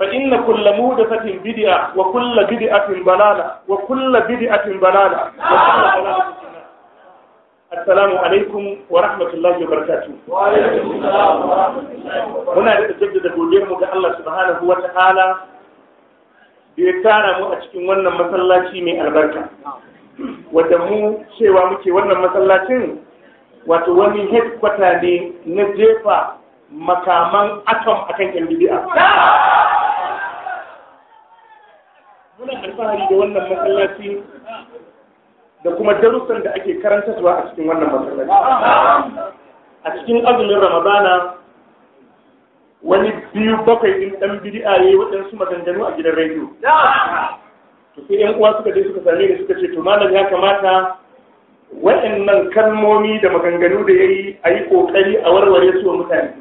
فإن كل مودثة بدعة وكل بدعة ضلالة وكل بدعة ضلالة السلام عليكم ورحمة الله وبركاته وعليكم السلام ورحمة هنا تجدد قولهم الله سبحانه وتعالى da ya tara mu a cikin wannan masallaci mai albarka wadda mu cewa muke wannan masallacin wato wani headquarter ne na jefa makaman atom akan yan bidi'a muna alfahari da wannan masallaci da kuma darussan da ake karantarwa a cikin wannan masallaci a cikin azumin ramadana wani biyu bakwai din dan bid'a yi waɗansu maganganu a gidan rediyo to sai yan uwa suka je suka same ni suka ce to malam ya kamata waɗannan kalmomi da maganganu da yayi a yi ƙoƙari a warware su wa mutane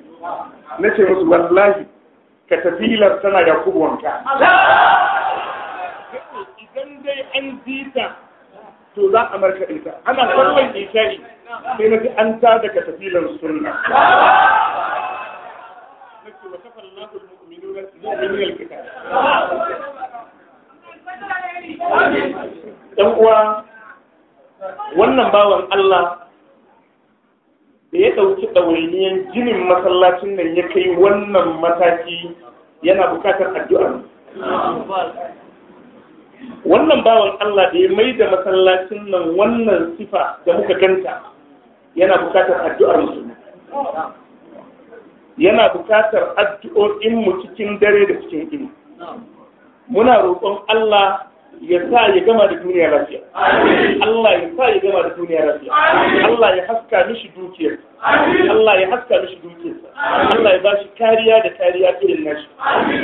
na ce musu wallahi ka tafi tana da wanka an ji to za a marka ita ana farkon isha'i sai na ji an ta daga tafilan sunna ɗan uwa wannan bawan Allah da ya ɗauki ɗawainiyan jinin masallacin nan ya kai wannan mataki yana bukatar addu'a wannan bawan Allah da ya mai da masallacin nan wannan sifa da muka ganta yana bukatar addu'ar musulmi yana bukatar addu'o'in mu cikin dare da cikin ini muna roƙon Allah ya sa ya gama da duniya lafiya Allah ya sa ya gama da duniya lafiya Allah ya haska mishi dukiyar Allah ya haska mishi dukiyar Allah ya ba shi kariya da kariya irin nashi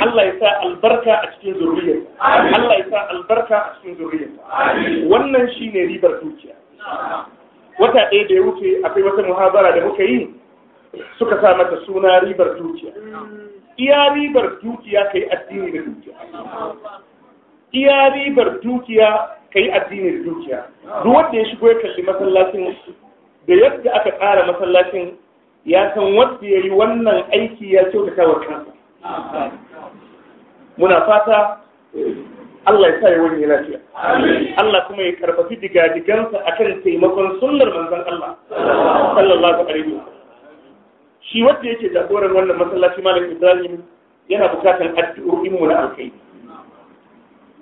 Allah ya sa albarka a cikin zuriyar Allah ya sa albarka a cikin zuriyar wannan shi ne ribar dukiya wata ɗaya da ya wuce akwai wata muhabara da muka yi suka sa mata suna ribar dukiya iya ribar dukiya kai addini da dukiya iya ribar dukiya kai addinin dukiya duk wanda ya shigo ya kalli masallacin da yadda aka tsara masallacin ya san wanda ya yi wannan aiki ya kyautata wa kansa muna fata Allah ya sa ya wani ya lafiya Allah kuma ya karfafi digadigansa kan taimakon sunnar manzon Allah sallallahu alaihi wasallam shi wanda yake jagoran wannan masallaci malam Ibrahim yana bukatan addu'o'in mu na alkai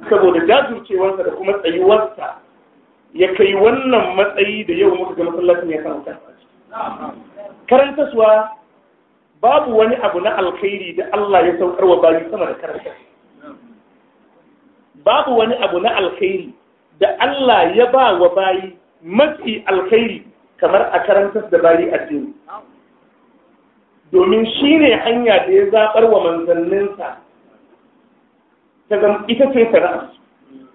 saboda jajircewarsa da kuma tsayuwarsa ya kai wannan matsayi da yau muka ga masallacin ya samu karantaswa babu wani abu na alkhairi da Allah ya saukar wa bayi sama da karanta babu wani abu na alkhairi da Allah ya ba wa bayi mafi alkhairi kamar a karantar da bayi addini domin shi ne hanya da ya zaɓar wa manzanninsa ta zama ita ce sana'arsu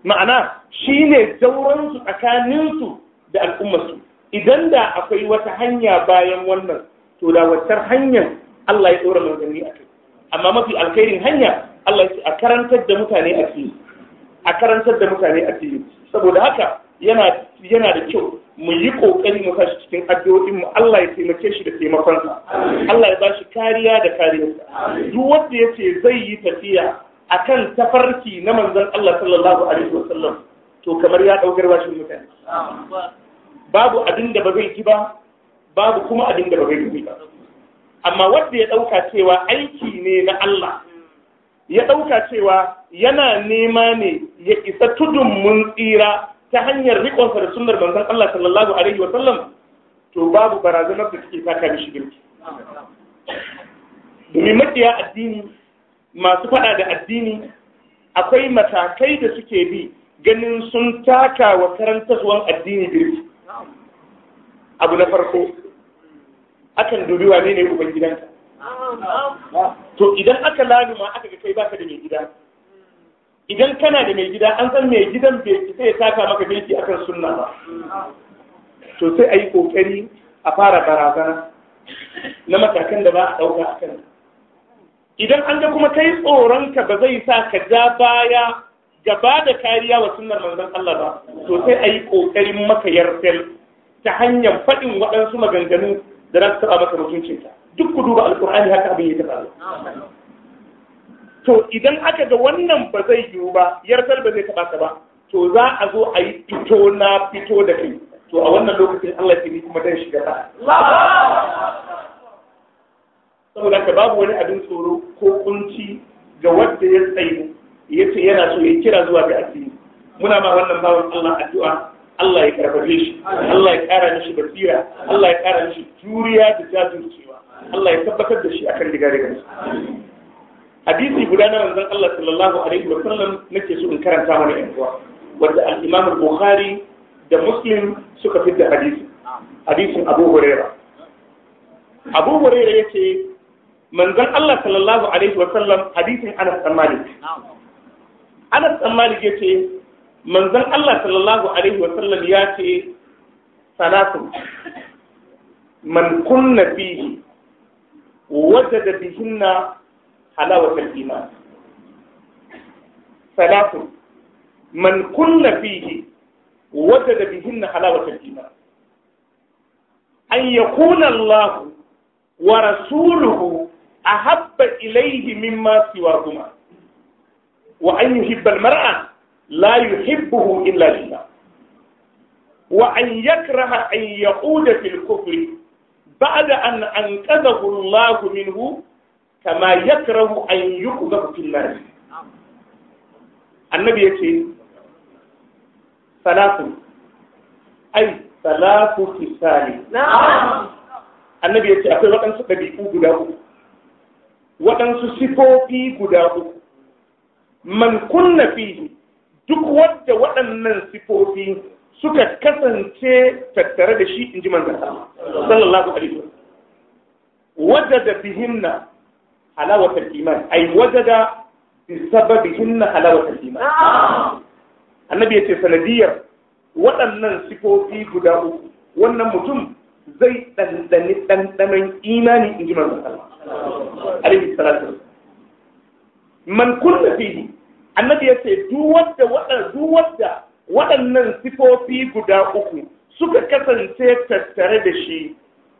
ma'ana shi ne zauransu tsakaninsu da al'ummarsu idan da akwai wata hanya bayan wannan to da waccar hanyar Allah ya tsora manzanni a kai amma mafi alkhairin hanya Allah ya karantar da mutane a fili a karantar da mutane a fili saboda haka yana yana da kyau mu yi kokari mu kashi cikin addu'o'in mu Allah ya taimake shi da taimakonsa Allah ya bashi kariya da kariyarsa duk wanda yace zai yi tafiya akan tafarki na manzan Allah sallallahu alaihi wasallam to kamar ya daukar bashin mutane babu abin da ba zai ki ba babu kuma abin da ba zai ki ba amma wanda ya ɗauka cewa aiki ne na Allah ya ɗauka cewa yana nema ne ya isa tudun mun tsira ta hanyar riƙonsa da sunar manzan Allah sallallahu alaihi wa sallam to babu barazanar da suke taka mishi girki domin makiya addini masu faɗa da addini akwai matakai da suke bi ganin sun taka wa karantarwar addini birki abu na farko akan dubi wane ne uban gidanka to idan aka laluma aka ga kai baka da mai gida idan kana da mai gida an san mai gidan bai sai ya taka maka birki akan sunna ba to sai a yi kokari a fara barazana na matakan da ba a ɗauka a kan idan an ga kuma kai tsoronka ba zai sa ka ja baya gaba da kariya wa sunnar manzon Allah ba to sai a yi ƙoƙarin maka yarfel ta hanyar faɗin waɗansu maganganu da za su taɓa maka ka. duk ku duba alƙur'ani haka abin ya taɓa to idan aka ga wannan ba zai yiwu ba yarfel ba zai taɓa ka ba to za a zo a yi fito na fito da kai to a wannan lokacin Allah ya kuma dan shiga ba saboda ka babu wani abin tsoro ko kunci ga wanda ya tsaye ya ce yana so ya kira zuwa ga addini muna ma wannan bawan Allah addu'a Allah ya karfafe shi Allah ya kara mishi basira Allah ya kara mishi juriya da jajircewa Allah ya tabbatar da shi akan diga diga hadisi guda na manzon Allah sallallahu alaihi wa sallam nake so in karanta mana yan wanda al-Imam Bukhari da Muslim suka fitar hadisi hadisin Abu Hurairah Abu Hurairah yace manzon Allah sallallahu alaihi wa sallam hadisin Anas bin Malik Anas bin Malik yace manzon Allah sallallahu alaihi wa sallam ya ce salatu man kunna fihi wajada bihinna halawatul iman salatu man kunna fihi wajada bihinna halawatul iman an yakuna Allah wa rasuluhu ahabba ilayhi mimma siwahuma wa an yuhibba al-mar'a la yuhibbuhu illa lillah wa an yakraha an yaquda fil kufri ba'da an anqadhahu Allah minhu kama yakrahu an yuqdhafu fil nar annabi yace salatu ai salatu fisali annabi yace akwai guda uku waɗansu sifofi guda uku man kunna fihi duk wadda waɗannan sifofi suka kasance tattare da shi in ji manzan Allah sallallahu alaihi wajada bihinna halawatul iman ay wajada bi sababihinna halawatul iman annabi yace sanadiyar waɗannan sifofi guda uku wannan mutum zai ɗanɗani ɗanɗanon imani in ji manzan Allah alaihi salatu man kunna fihi annabi yace duk wanda wadan duk wanda waɗannan sifofi guda uku suka kasance tattare da shi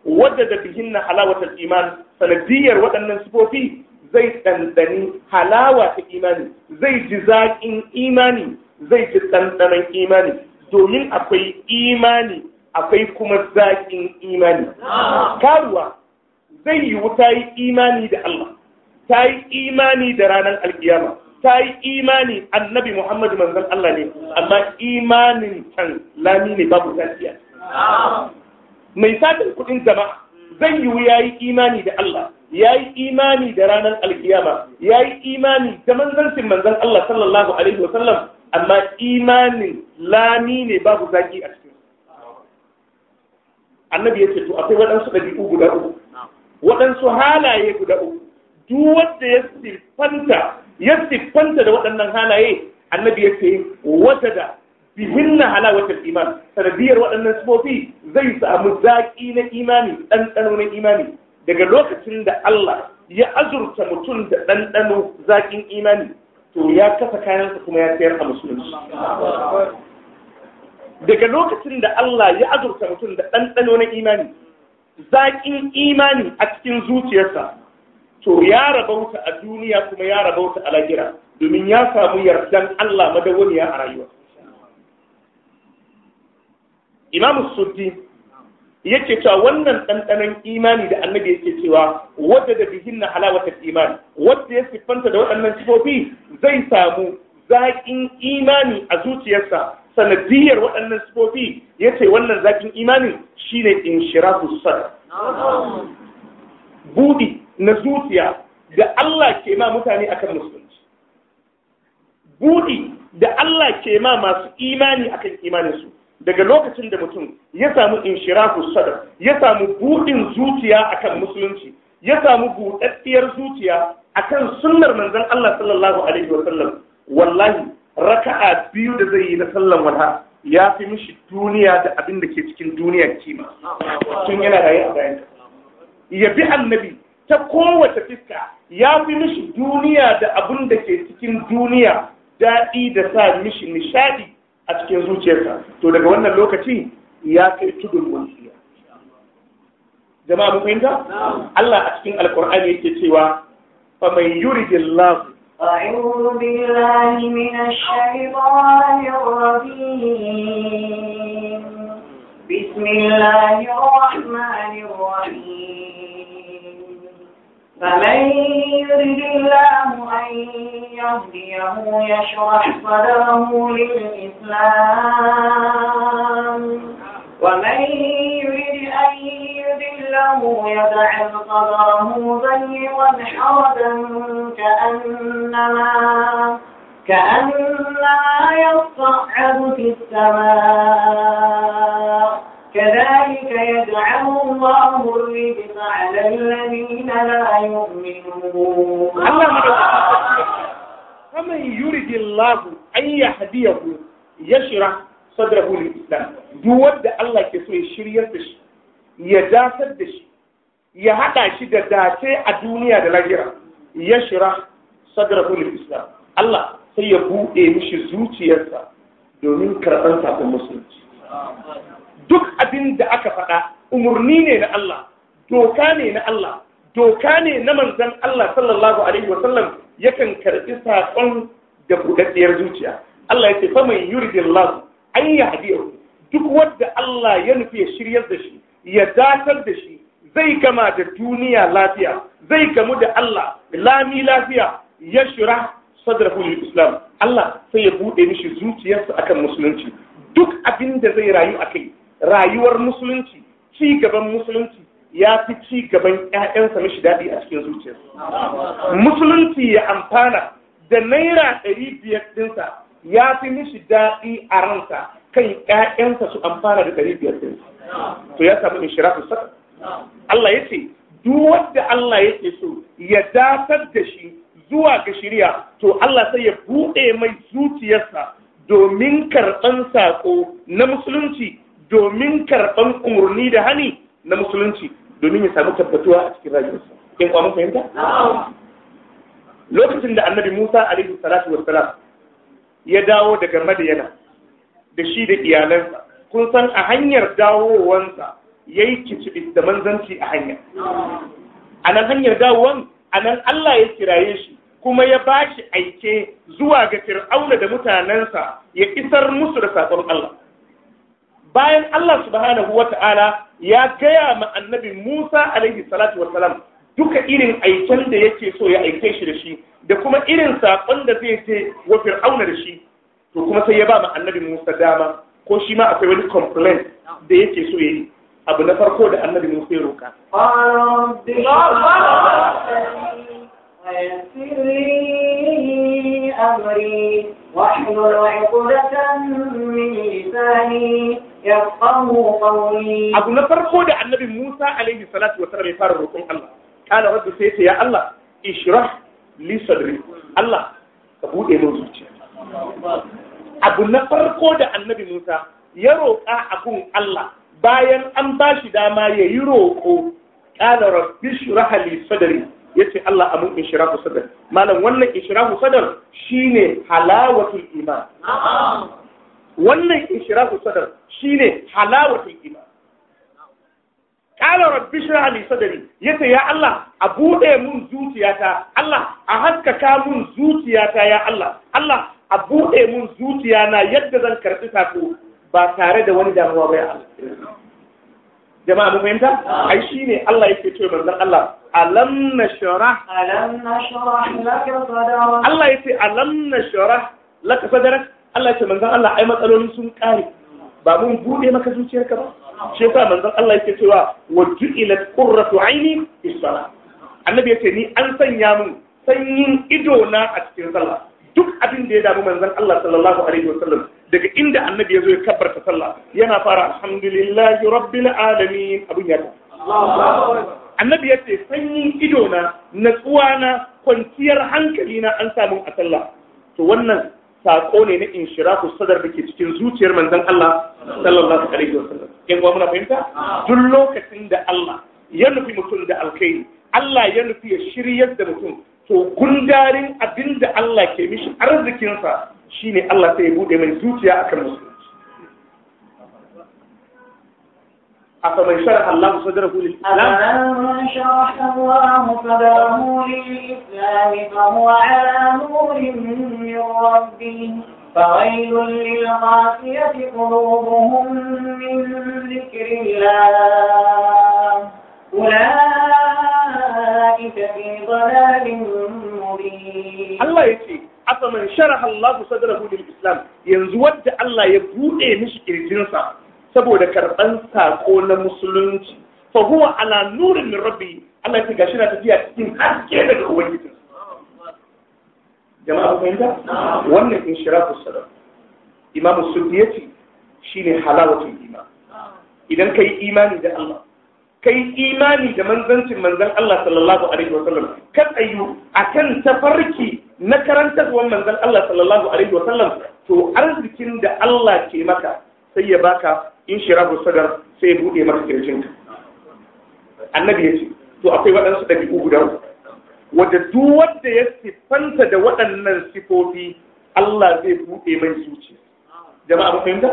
wadda da bihinna halawatul iman sanadiyar waɗannan sifofi zai ɗanɗani halawa ta imani zai ji zaƙin imani zai ji ɗanɗanon imani domin akwai imani akwai kuma zaƙin imani karuwa zai yiwu ta yi imani da Allah ta yi imani da ranar alkiyama ta yi imani annabi Muhammadu manzon Allah ne amma imanin can lami ne babu tafiya mai satin kuɗin zama zai yiwu ya yi imani da Allah ya yi imani da ranar alkiyama ya yi imani da manzancin manzan Allah sallallahu alaihi wa sallam amma imanin lami ne babu zaki a cikin annabi ya ce to akwai waɗansu ɗabi'u guda uku waɗansu halaye guda uku duk wanda ya siffanta ya siffanta da waɗannan halaye annabi ya ce wata da bihinna halawatul iman sanadiyar waɗannan sifofi zai samu zaƙi na imani ɗanɗano na imani daga lokacin da Allah ya azurta mutum da ɗanɗano zaƙin imani to ya kasa kayansa kuma ya sayar a musulunci daga lokacin da Allah ya azurta mutum da ɗanɗano na imani zaƙin imani a cikin zuciyarsa to ya rabauta a duniya kuma ya rabauta a lahira domin ya samu yardan Allah madawwamiya a rayuwa Imam Suddi yake cewa wannan ɗanɗanon imani da annabi yake cewa wadda da bihin na halawata imani wadda ya siffanta da waɗannan sifofi zai samu zaƙin imani a zuciyarsa sanadiyar waɗannan sifofi ya ce wannan zakin imani shine inshirafu sadar buɗi na zuciya da Allah ke ma mutane akan musulunci buɗi da Allah ke ma masu imani akan imaninsu daga lokacin da mutum ya samu inshirafu sadar ya samu buɗin zuciya akan musulunci ya samu buɗaɗɗiyar zuciya akan sunnar manzon Allah sallallahu alaihi wa wallahi raka'a biyu da zai yi na sallan wata ya fi mishi duniya da abin da ke cikin duniya kima tun yana da yin bayan ya bi annabi ta kowace fiska ya fi mishi duniya da abin da ke cikin duniya daɗi da sa mishi nishaɗi a cikin zuciyarsa to daga wannan lokaci ya kai tudun wasiya jama'a mun Allah a cikin alkur'ani yake cewa fa man yuridillahu أعوذ بالله من الشيطان الرجيم بسم الله الرحمن الرحيم فمن يرد الله أن يهديه يشرح صدره للإسلام ومن يرد أن يذله يجعل صدره ضيقا حرجا كأن كأنما كأنما يصعد في السماء كذلك يجعل الله الرجس على الذين لا يؤمنون فمن يرد الله أن يهديه يشرح صدره للإسلام يود الله كسوه شرية بشي يدافد بشي يهدى شي داتي الدنيا دلاجرة يشرح sadrahu lil islam Allah sai ya buɗe mishi zuciyarsa domin karɓar sakon musulunci duk abin da aka faɗa umarni ne na Allah doka ne na Allah doka ne na manzon Allah sallallahu alaihi wa sallam yakan karɓi sakon da budaddiyar zuciya Allah ya ce fa man yuridillahu an yahdihi duk wanda Allah ya nufi ya shiryar da shi ya datar da shi zai gama da duniya lafiya zai gamu da Allah lami lafiya yashra sadrahu lil islam Allah sai ya bude mishi zuciyarsa akan musulunci duk abin da zai rayu a kai rayuwar musulunci ci gaban musulunci ya fi ci gaban ƴaƴansa mishi daɗi a cikin zuciyarsa musulunci ya amfana da naira ɗari biyar ɗinsa ya fi mishi daɗi a ransa kan ƴaƴansa su amfana da ɗari biyar ɗinsa to ya samu inshirafu saka Allah ya ce duk wanda Allah yake so ya datar da shi zuwa ga shirya to Allah sai ya buɗe mai zuciyarsa domin karɓan saƙo na musulunci domin karɓan umarni da hani na musulunci domin ya samu tabbatuwa a cikin rayuwarsa in kwa mun fahimta lokacin da annabi Musa alaihi salatu wa salam ya dawo daga Madiyana da shi da iyalansa kun san a hanyar dawowansa yi kicibis da manzanci a hanya a nan hanyar dawowan a nan Allah ya kiraye shi kuma ya ba shi aike zuwa ga fir'auna da mutanensa ya isar musu da saƙon Allah bayan Allah subhanahu wa ta'ala ya gaya ma annabi Musa alaihi salatu wa salam duka irin aiken da yake so ya aike shi da shi da kuma irin saƙon da zai je wa fir'auna da shi to kuma sai ya ba ma annabi Musa dama ko shi ma akwai wani complaint da yake so ya yi abu na farko da annabi Musa ya roka فيسر لي أمري واحلل عقدة من لساني Abu na farko da annabi Musa alaihi salatu wa sallam ya fara roƙon Allah. Kana rabbi sai ya ce ya Allah ishrah li sadri. Allah ka buɗe min zuciya. Abu na farko da annabi Musa ya roƙa abun Allah bayan an ba shi dama ya yi roƙo. Kana rabbi ishrah li sadri. yace Allah amun inshirahu sadar malam wannan inshirahu sadar shine halawatul iman wannan inshirahu sadar shine halawatul iman kala rabbi shirah li sadri yace ya Allah a bude mun zuciyata Allah a haskaka mun zuciyata ya Allah Allah a bude mun na yadda zan karbi sako ba tare da wani damuwa ba ya Allah jama'a mun fahimta ai shine Allah yake cewa manzon Allah alam nashrah alam nashrah laka sadrak Allah yace alam nashrah laka sadrak Allah yace manzon Allah ai matsalolin sun kare ba mun bude maka zuciyarka ba shi yasa manzon Allah yake cewa wajilat qurratu aini fi salat annabi yace ni an sanya mun sanyin ido na a cikin sallah duk abin da ya damu manzon Allah sallallahu alaihi wasallam daga inda annabi ya zo ya kabbarta sallah yana fara alhamdulillahi rabbil alamin abun yadda. annabi ya ce sanyin ido na natsuwa na kwanciyar hankali na an samu a sallah to wannan sako ne na inshiraku sadar da ke cikin zuciyar manzon Allah sallallahu alaihi wasallam yan uwa muna fahimta duk lokacin da Allah ya nufi mutum da alkhairi Allah ya nufi ya shiryar da mutum to gundarin abin da Allah ke mishi arzikinsa shine Allah sai ya bude mai zuciya akan musulunci أفمن شرح الله صدره للإسلام أفمن شرح الله صدره للإسلام فهو على نور من ربه فويل للقاسية قلوبهم من ذكر الله أولئك Allah ya ce, asaman man shara Allah ku sadara hudun Islam, yanzu wadda Allah ya buɗe mishi ƙirjinsa saboda karɓan saƙo na musulunci, fa huwa ala nurin min rabbi, Allah ya ce gashi na tafiya cikin haske daga Ubangiji. Jama'a ku fahimta? Wannan in shira ku Imam Sufi ya shi ne halawacin imani. Idan ka yi imani da Allah, kai imani da manzancin manzan Allah sallallahu alaihi wasallam ka tsayu kan tafarki na karantarwar manzan Allah sallallahu alaihi wasallam to arzikin da Allah ke maka sai ya baka in shirahu sadar sai ya bude maka kirjinka annabi ya ce to akwai waɗansu ɗabi'u guda wadda duk wanda ya siffanta da waɗannan sifofi Allah zai bude mai zuciya jama'a ku fahimta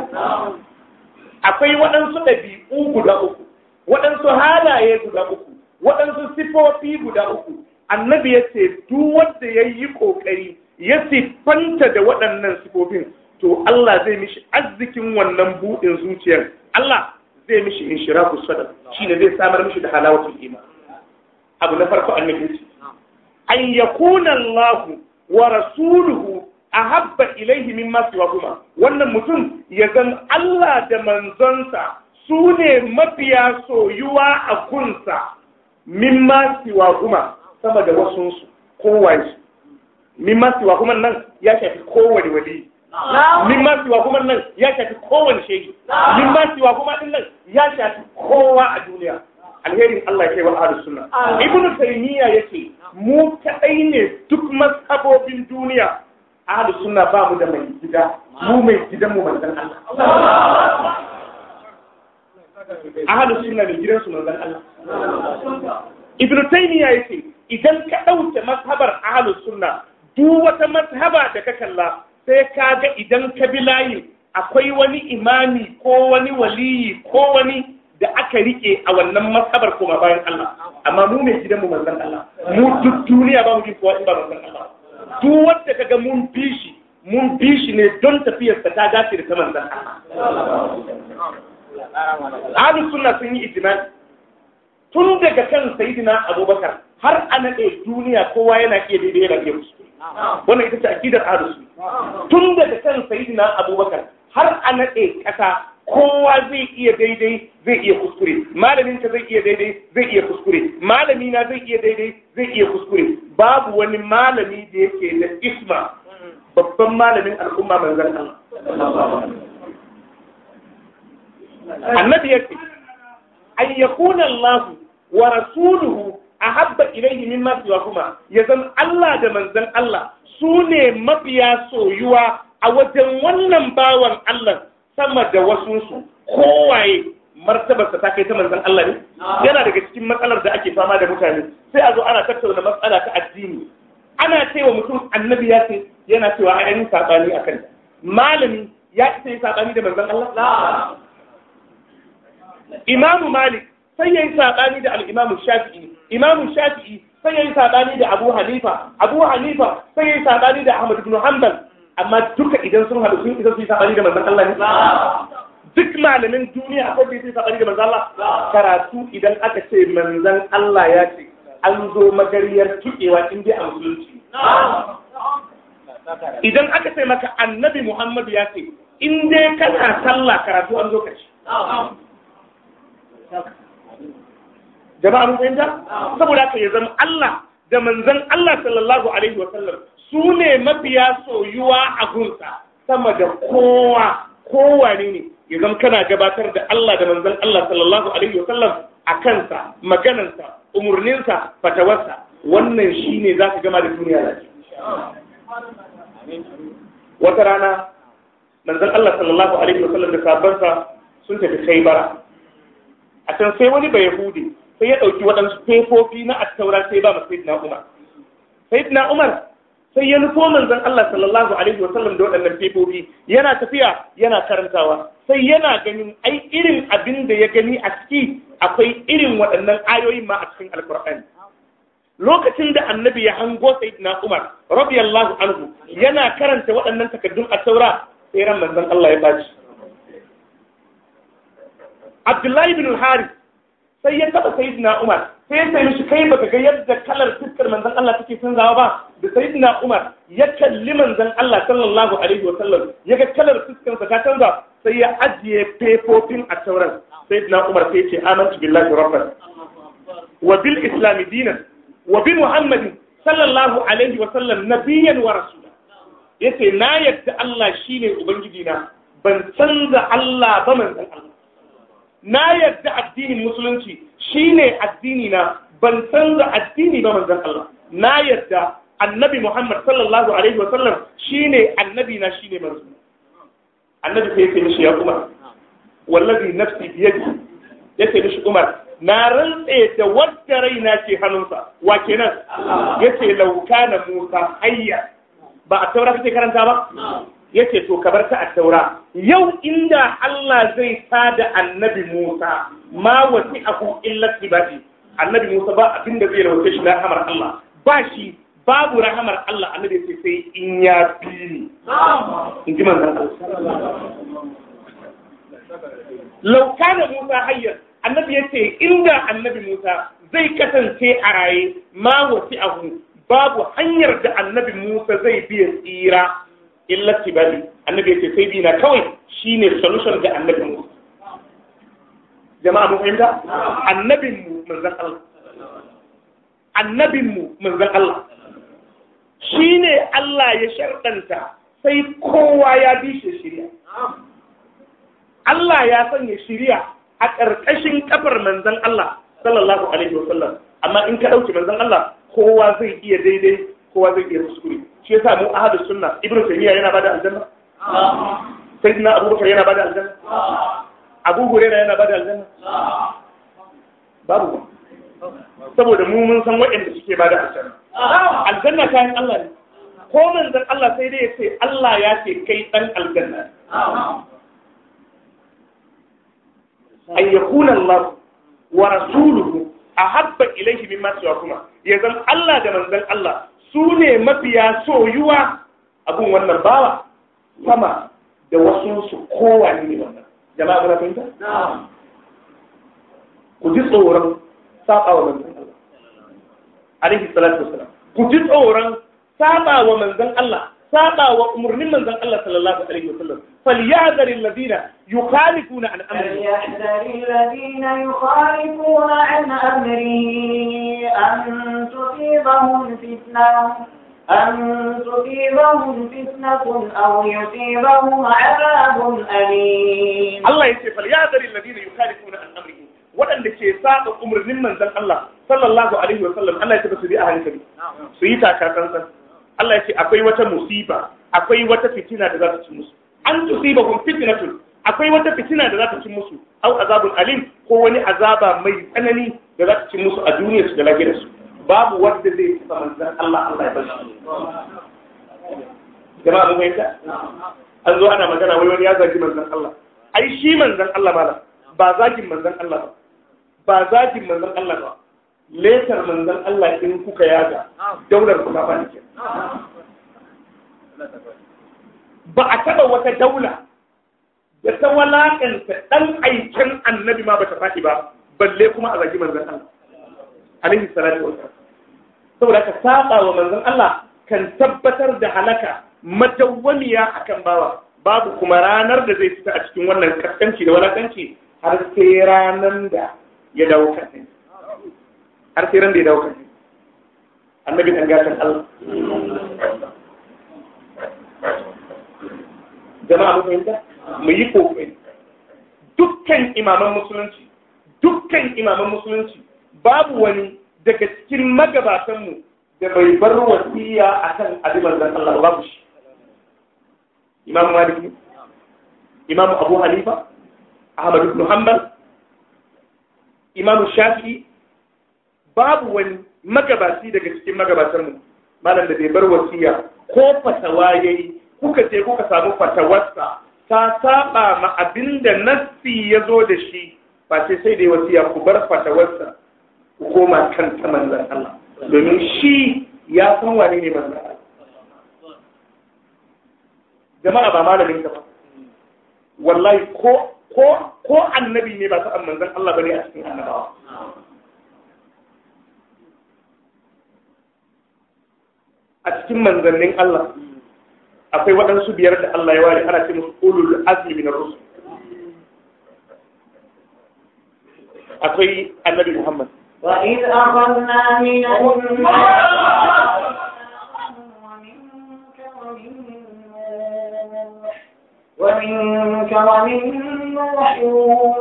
akwai waɗansu ɗabi'u guda uku waɗansu halaye guda uku waɗansu sifofi guda uku annabi ya ce duk wanda ya yi ƙoƙari ya siffanta da waɗannan sifofin to Allah zai mishi arzikin wannan buɗin zuciyar Allah zai mishi inshiraku sadar shi ne zai samar mishi da halawatul ima. abu na farko annabi ce an yakuna Allah wa rasuluhu a habba ilaihi mimma masu wannan mutum ya zan Allah da manzonsa su ne mafiya soyuwa a kunsa ma siwa kuma sama da su min ma siwa kuma nan ya shafi kowane wali ma siwa kuma nan ya shafi kowane shegi ma siwa kuma din nan ya shafi kowa a duniya alherin Allah ya kai wa ahlus sunna ibnu taymiya yake mu kadai ne duk masabobin duniya ahlus sunna ba mu da mai gida mu mai gidan mu manzon Allah ahalu sunna da gidansu manzon Allah ibnu taymiya yace idan ka ɗauke mazhabar ahalu sunna duk wata mazhaba da ka kalla sai ka ga idan ka bi layin akwai wani imami ko wani waliyi ko wani da aka rike a wannan mazhabar koma bayan Allah amma mu mai gidanmu manzon Allah mu duk duniya ba mu ji kowa in ba manzon Allah duk wanda kaga mun bi shi mun bi shi ne don tafiyarsa ta dace da ta manzon Allah ahlus sunna sun yi ijma'i tun daga kan sayidina abubakar har a naɗe duniya kowa yana iya daidai yana iya kuskure wannan ita ce akidar ahlus tun daga kan sayidina abubakar har a naɗe ƙasa kowa zai iya daidai zai iya kuskure malamin ka zai iya daidai zai iya kuskure malami na zai iya daidai zai iya kuskure babu wani malami da yake da isma babban malamin al'umma manzon Allah annabi ya ce an kuna Allah wa rasuluhu a habba ilayhi mimma kuma ya zan Allah da manzan Allah su ne mafiya soyuwa a wajen wannan bawan Allah sama da wasunsu kowaye martabarsa ta kai ta manzon Allah ne yana daga cikin matsalar da ake fama da mutane sai a zo ana tattauna matsala ta addini ana cewa mutum annabi ya ce yana cewa a yanin sabani akan malami ya ce sabani da manzon Allah imamu malik sai yi sabani da al-imamu shafi'i imamu shafi'i sai yi sabani da abu hanifa abu hanifa sai yi sabani da ahmad ibn hanbal amma duka idan sun haɗu sun isa su yi saɓani da manzon Allah ne duk malamin duniya akwai da yake sabani da manzon Allah karatu idan aka ce manzan Allah ya ce an zo magariyar tukewa in dai a musulunci idan aka ce maka annabi Muhammadu ya ce in dai kana sallah karatu an zo kashi jama'a mun fahimta saboda haka ya zama Allah da manzon Allah sallallahu alaihi wa sallam su ne mafiya soyuwa a gunsa sama da kowa kowane ne ya zama kana gabatar da Allah da manzon Allah sallallahu alaihi wa sallam a kansa maganansa umurninsa fatawarsa wannan shine za ka gama da duniya shi. wata rana manzon Allah sallallahu alaihi wa sallam da sabansa sun tafi Khaibara a can sai wani bai yahudi sai ya ɗauki waɗansu fefofi na attaura sai ba ma sayyidina umar sayyidina umar sai ya nufo manzon Allah sallallahu alaihi wasallam da waɗannan fefofi yana tafiya yana karantawa sai yana ganin ai irin abin da ya gani a ciki akwai irin waɗannan ayoyin ma a cikin alkur'ani lokacin da annabi ya hango sayyidina umar radiyallahu anhu yana karanta waɗannan takaddun attaura sai ran manzon Allah ya baci Abdullahi bin Al-hari, sai ya taɓa Sayyidina Umar sai ya sai mishi kai baka ga yadda kalar fuskar manzon Allah take canzawa ba da Sayyidina Umar ya kalli manzon Allah sallallahu alaihi wa sallam ya ga kalar fuskar sa ta canza sai ya ajiye fefofin a tauran Sayyidina Umar sai ya ce amantu billahi rabban wa bil islam dinan wa bi muhammadin sallallahu alaihi wa sallam nabiyyan wa rasula yace na yadda Allah shine ubangiji na ban canza Allah ba manzon Allah na yadda addinin musulunci shine addini na ban canza addini ba manzon Allah na yadda annabi Muhammad sallallahu alaihi wa sallam shine annabi na shine manzo annabi sai yake mishi ya Umar wallazi nafsi biyadi yake mishi Umar na rantse da wadda raina ke hannunsa wa kenan yace laukana Musa hayya ba a taura kake karanta ba yace to ka bar ta a taura yau inda Allah zai tada annabi Musa ma wasi aku illa tibati annabi Musa ba abinda da zai rawace shi na hamar Allah ba shi babu rahamar Allah annabi sai sai in ya bi ni in ji manzon Allah Musa hayyan annabi yace inda annabi Musa zai kasance a raye ma wasi ahu babu hanyar da annabi Musa zai biya tsira illa tibali annabi yace sai bi na kawai shine solution ga annabin mu jama'a mun fahimta annabin mu manzon Allah annabin mu manzon Allah shine Allah ya sharɗanta sai kowa ya bi shi shirya Allah ya sanya shirya a ƙarƙashin kafar manzon Allah sallallahu alaihi wasallam amma in ka ɗauki manzon Allah kowa zai iya daidai kowa zai iya kuskure shi yasa mu ahadu sunna ibnu taymiya yana bada aljanna sayyidina abubakar yana bada aljanna abu huraira yana bada aljanna babu saboda mu mun san waɗanda suke bada aljanna aljanna kayan Allah ne ko manzon Allah sai dai ya ce Allah ya ce kai dan aljanna an yakuna Allah wa rasuluhu ahabba ilayhi mimma siwa kuma ya Allah da manzon Allah su ne mafiya soyuwa abin wannan bawa sama da wasu su kowa ne wannan jama'a muna fahimta ku ji tsoron saba wa manzon Allah alaihi salatu wasalam ku ji tsoron saba wa manzon Allah saba wa umarnin manzon Allah sallallahu alaihi wasallam فليحذر الذين يخالفون عن أمره فليحذر الذين يخالفون عن أمره أن تصيبهم فتنة أن تصيبهم فتنة أو يصيبهم عذاب أليم الله يسير فليحذر الذين يخالفون عن أمره وأن لكي أمر من منزل الله صلى الله عليه وسلم الله يسير بسيدي أهل كبير نعم. سيتا Allah ya ce akwai wata musiba akwai wata fitina da za ta ci musu an tusiba kun tun akwai wata fitina da za ta ci musu au azabun alim ko wani azaba mai tsanani da za ta ci musu a duniya su da lafiyar su babu wanda zai ci manzan Allah Allah ya bashi jama'a mun fahimta an zo ana magana wai wani ya zagi manzan Allah ai shi manzan Allah ba ba zagin manzan Allah ba ba zagin manzan Allah ba letar manzan Allah in kuka yaga daular ku ta bani ba a taɓa wata daula da ta walakanta ɗan aikin annabi ma bata faɗi ba balle kuma a zagi manzan Allah alaihi salatu wa saboda ka saba wa manzan Allah kan tabbatar da halaka madawwamiya akan bawa babu kuma ranar da zai fita a cikin wannan kaskanci da walakanci har sai ranar da ya dawo kasance har sai ran da ya dawo kan annabi kan gatan Allah jama'a mun fahimta mu yi kokari dukkan imaman musulunci dukkan imaman musulunci babu wani daga cikin mu da bai bar wasiya akan abin dan Allah babu shi imam malik imam abu hanifa ahmad ibn hanbal imam shafi'i babu wani magabaci daga cikin magabatar mu. malam da bai bar wasiya ko fatawa yayi kuka je kuka samu fatawarsa ta saba ma abinda nassi ya zo da shi ba sai sai dai wasiya ku bar fatawarsa ku koma kan ta manzan Allah domin shi ya san wane ne manzon Allah jama'a ba malamin ka ba wallahi ko ko ko annabi ne ba sa'an manzan Allah bane a cikin annabawa a cikin manzannin Allah akwai waɗansu biyar da Allah ya ware ana ce musu ulul azmi min rusul akwai annabi Muhammad wa id akhadna min ومنك ومن نوح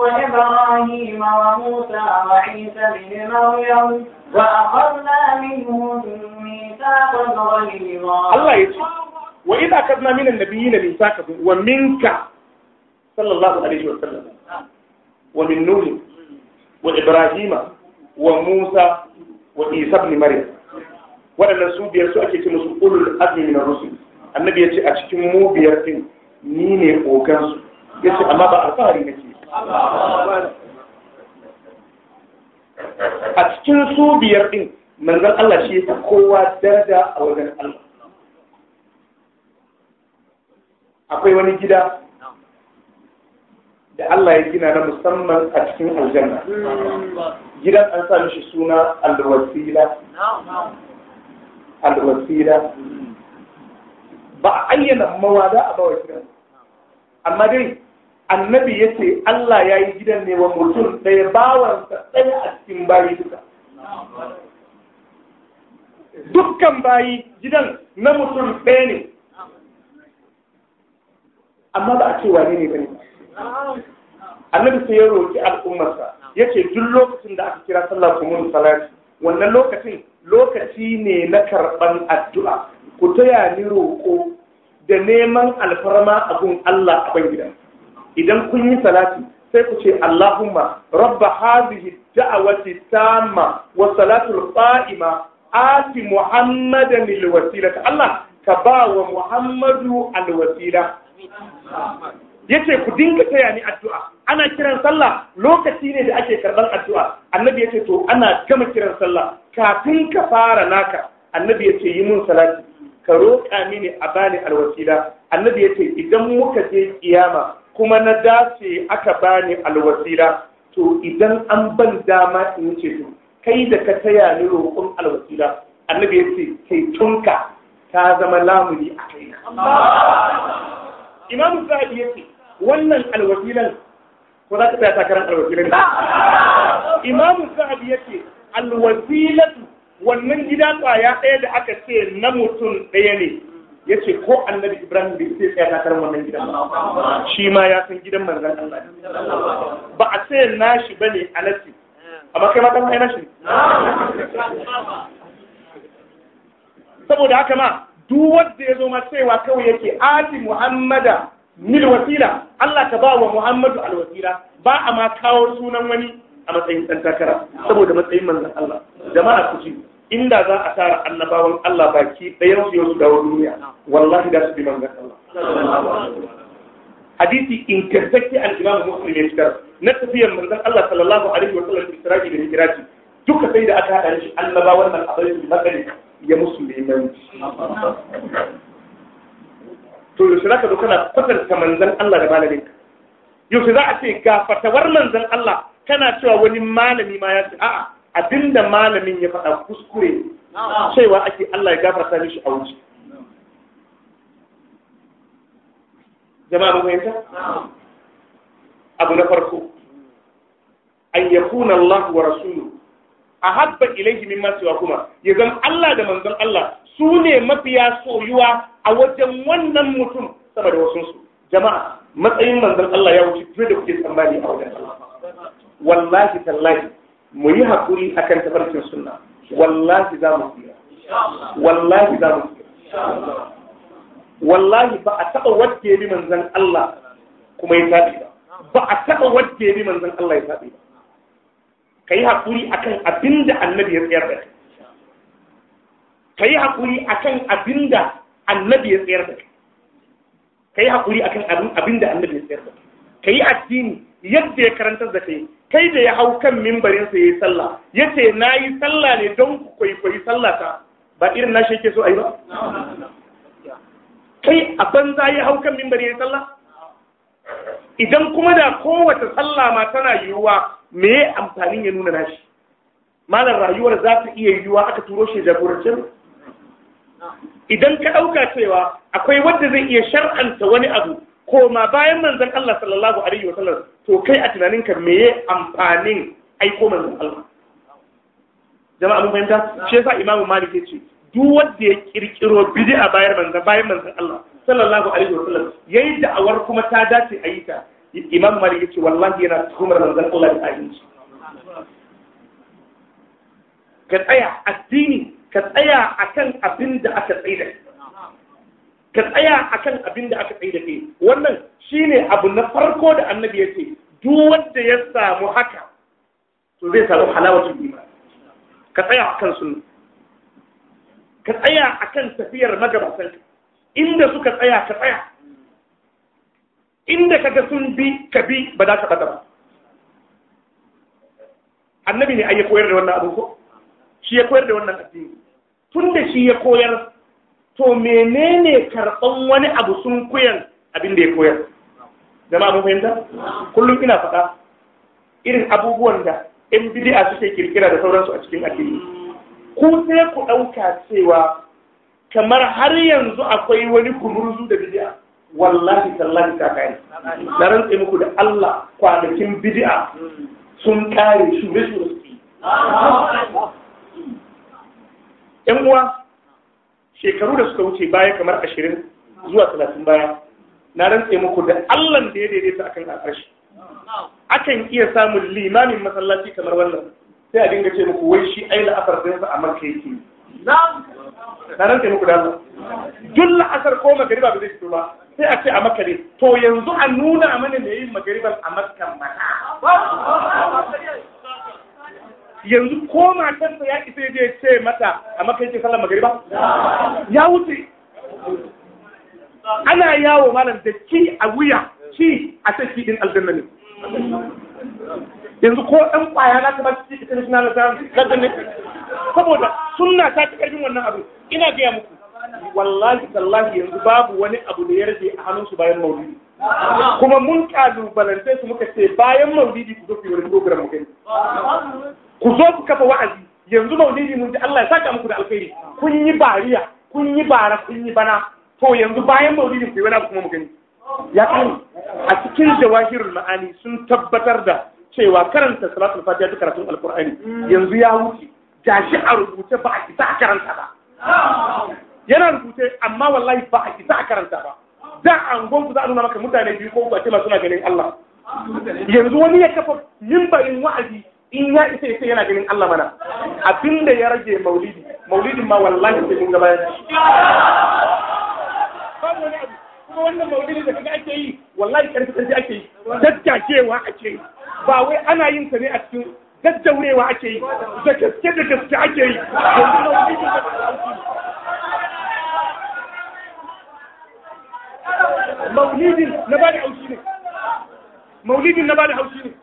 وإبراهيم وموسى وعيسى بن مريم Allah ya ce, wa ina kan na minan nabi yin ka saka wa minka sallallahu alaihi wa wa min nuhi wa ibrahima wa musa wa isa ibn Mariya waɗannan su biyar su ake ce musu ulul azmi min ar-rusul annabi ya ce a cikin mu biyar din ni ne ogan su yace amma ba alfahari nake ba a cikin su biyar ɗin manzan Allah shi ta kowa daga a wajen Allah akwai wani gida da Allah ya gina na musamman a cikin aljanna gidan an sa mishi suna alwasila alwasila ba a ayyana mawada a bawa gidan amma dai annabi ya ce Allah ya yi gidan ne wa mutum da ya bawansa ɗaya a cikin bayi duka dukkan bayi gidan na mutum ɗaya ne amma ba a ce wane ne bane annabi sai ya roki al'ummarsa ya ce duk lokacin da aka kira sallah ku mun salati wannan lokacin lokaci ne na karɓan addu'a ku taya ni roƙo da neman alfarma a gun Allah a ban idan kun yi salati sai ku ce Allahumma rabba hadhihi da'awati tamma wa salatu qa'ima ati Muhammadan alwasila Allah ka ba wa Muhammadu alwasila yace ku dinga taya ni addu'a ana kiran sallah lokaci ne da ake karɓar addu'a annabi yace to ana gama kiran sallah kafin ka fara naka annabi yace yi mun salati ka roƙa mini a bani alwasila annabi yace idan muka je kiyama kuma na dace aka bani alwasila to idan an ban dama in ce to kai da ka taya ni roƙon alwasila annabi ya ce kai tunka ta zama lamuni a kai imam zahabi ya ce wannan alwasilan ko za ka taya takarar alwasilan imam zahabi ya ce alwasilatu wannan gida kwaya ɗaya da aka ce na mutum ɗaya ne ya ce ko annabi ibrahim bai sai tsaya takarar wannan gidan ba shi ma ya san gidan manzan allah ba a ce nashi ba ne a amma kai ma kan nashi saboda haka ma duk wanda ya zo ma wa kawai yake ati muhammada mil wasila allah ta ba wa muhammadu alwasila ba a ma kawo sunan wani a matsayin ɗan takara saboda matsayin manzan allah jama'a ku ji inda za a tara annabawan Allah baki ɗayan su yau su dawo duniya wallahi da su bi manzon Allah hadisi ingantacce al-Imam Muslim ya fitar na tafiyar manzon Allah sallallahu alaihi wa sallam Isra'i da Mi'raji duka sai da aka haɗa shi annabawan nan a bayyana matsali ya musu limanci to yaushe za ka zo kana kwatanta manzan Allah da malamin ka yaushe za a ce ga fatawar manzan Allah kana cewa wani malami ma ya ce a'a abinda malamin ya faɗa kuskure cewa ake Allah ya gafarta mishi a wuce jama'a mun fahimta abu na farko an kuna Allah wa rasuluhu ahabba ilayhi masu siwa kuma ya zan Allah da manzon Allah su ne mafiya soyuwa a wajen wannan mutum sama da wasu jama'a matsayin manzon Allah ya wuce fiye da kuke tsammani a wajen Allah wallahi tallahi mu yi haƙuri a kan tafarkin sunna wallahi za mu tsira wallahi za mu tsira wallahi ba a taɓa wadda ya bi manzan Allah kuma ya taɓi ba ba a taɓa wadda ya bi manzan Allah ya taɓi ba ka yi haƙuri a kan abin da annabi ya tsayar da kai ka yi haƙuri a kan abin da annabi ya tsayar da kai ka yi haƙuri a kan abin da annabi ya tsayar da kai ka yi addini yadda ya karantar da kai kai da ya hau kan mimbarinsa ya yi sallah ya ce na yi sallah ne don ku kwaikwayi ta. ba irin na shi so a ba kai a banza ya hau kan mimbar ya yi sallah idan kuma da kowace sallah ma tana yiwuwa me amfanin ya nuna nashi malar rayuwar za ta iya yiwuwa aka turo shi jagorancin idan ka ɗauka cewa akwai wanda zai iya shar'anta wani abu koma bayan manzon Allah sallallahu alaihi wa sallam to kai a tunaninka meye amfanin aiko manzon Allah jama'a mun fahimta shi yasa imamu malik ke ce duk wanda ya kirkiro bid'a bayan manzon bayan manzon Allah sallallahu alaihi wa sallam yi da'awar kuma ta dace a yi ta imam malik ya ce wallahi yana tuhumar manzon Allah da ayyuka ka tsaya addini ka tsaya akan abin da aka tsaida ka tsaya akan abin da aka tsaye da ke wannan shine abu na farko da annabi ya ce duk wanda ya samu haka to zai samu halawatul iman ka tsaya akan sunna ka tsaya akan tafiyar magabatan inda suka tsaya ka tsaya inda kaga sun bi ka bi ba za ka bada ba annabi ne a yi koyar da wannan abu ko shi ya koyar da wannan addini tun da shi ya koyar to menene karɓan wani abu sun kuyan abin da ya koyar zama mun fahimta kullum ina faɗa irin abubuwan da yan bidi'a suke kirkira da sauransu a cikin addini ku sai ku ɗauka cewa kamar har yanzu akwai wani kumurzu da bidi'a wallahi tallahi ta kai na rantse muku da Allah kwanakin bidi'a sun kare shi shure yan uwa shekaru da suka wuce baya kamar ashirin zuwa talatin baya na rantse muku da allan da ya daidaita akan a akan iya samun limamin masallaci kamar wannan sai a dinga ce muku wai shi ai la'asar dinsa a marka yake na rantse muku da Allah duk la'asar ko magariba ba zai fito ba sai a ce a maka ne to yanzu a nuna mana da yin magariban a makka mana yanzu ko matarsa ya isa ya ce mata a makaice sallar ba? ya wuce ana yawo malam da ki a wuya ki a saki din aljanna ne yanzu ko ɗan ƙwaya na ta ba su da suna na zanen ne saboda suna ta ci ƙarfin wannan abu ina gaya muku wallahi tallahi yanzu babu wani abu da ya rage a su bayan maulidi kuma mun ƙalubalance su muka ce bayan maulidi ku zo fi wani program mu kai ku zo ku kafa wa'azi yanzu maulidi mun ji Allah ya saka muku da alkhairi kun yi bariya kun yi bara kun yi bana to yanzu bayan maulidi ku yi wani abu kuma mu gani ya kani a cikin jawahirul ma'ani sun tabbatar da cewa karanta salatul fatiha da karatun alqur'ani yanzu ya wuce gashi a rubuce ba a kisa a karanta ba yana rubuce amma wallahi ba a kisa a karanta ba da an gonku za a nuna maka mutane biyu ko ba ce suna ganin Allah yanzu wani ya kafa mimbarin wa'azi in ya isa ya yana ganin Allah mana abinda ya rage maulidi maulidin ma wallahi sai mun ga bayan kuma wannan maulidi da kaga ake yi wallahi karfi karfi ake yi daddakewa ake yi ba wai ana yin sa ne a cikin daddaurewa ake yi da gaske da gaske ake yi maulidin na ba da haushi ne maulidin na ba da haushi ne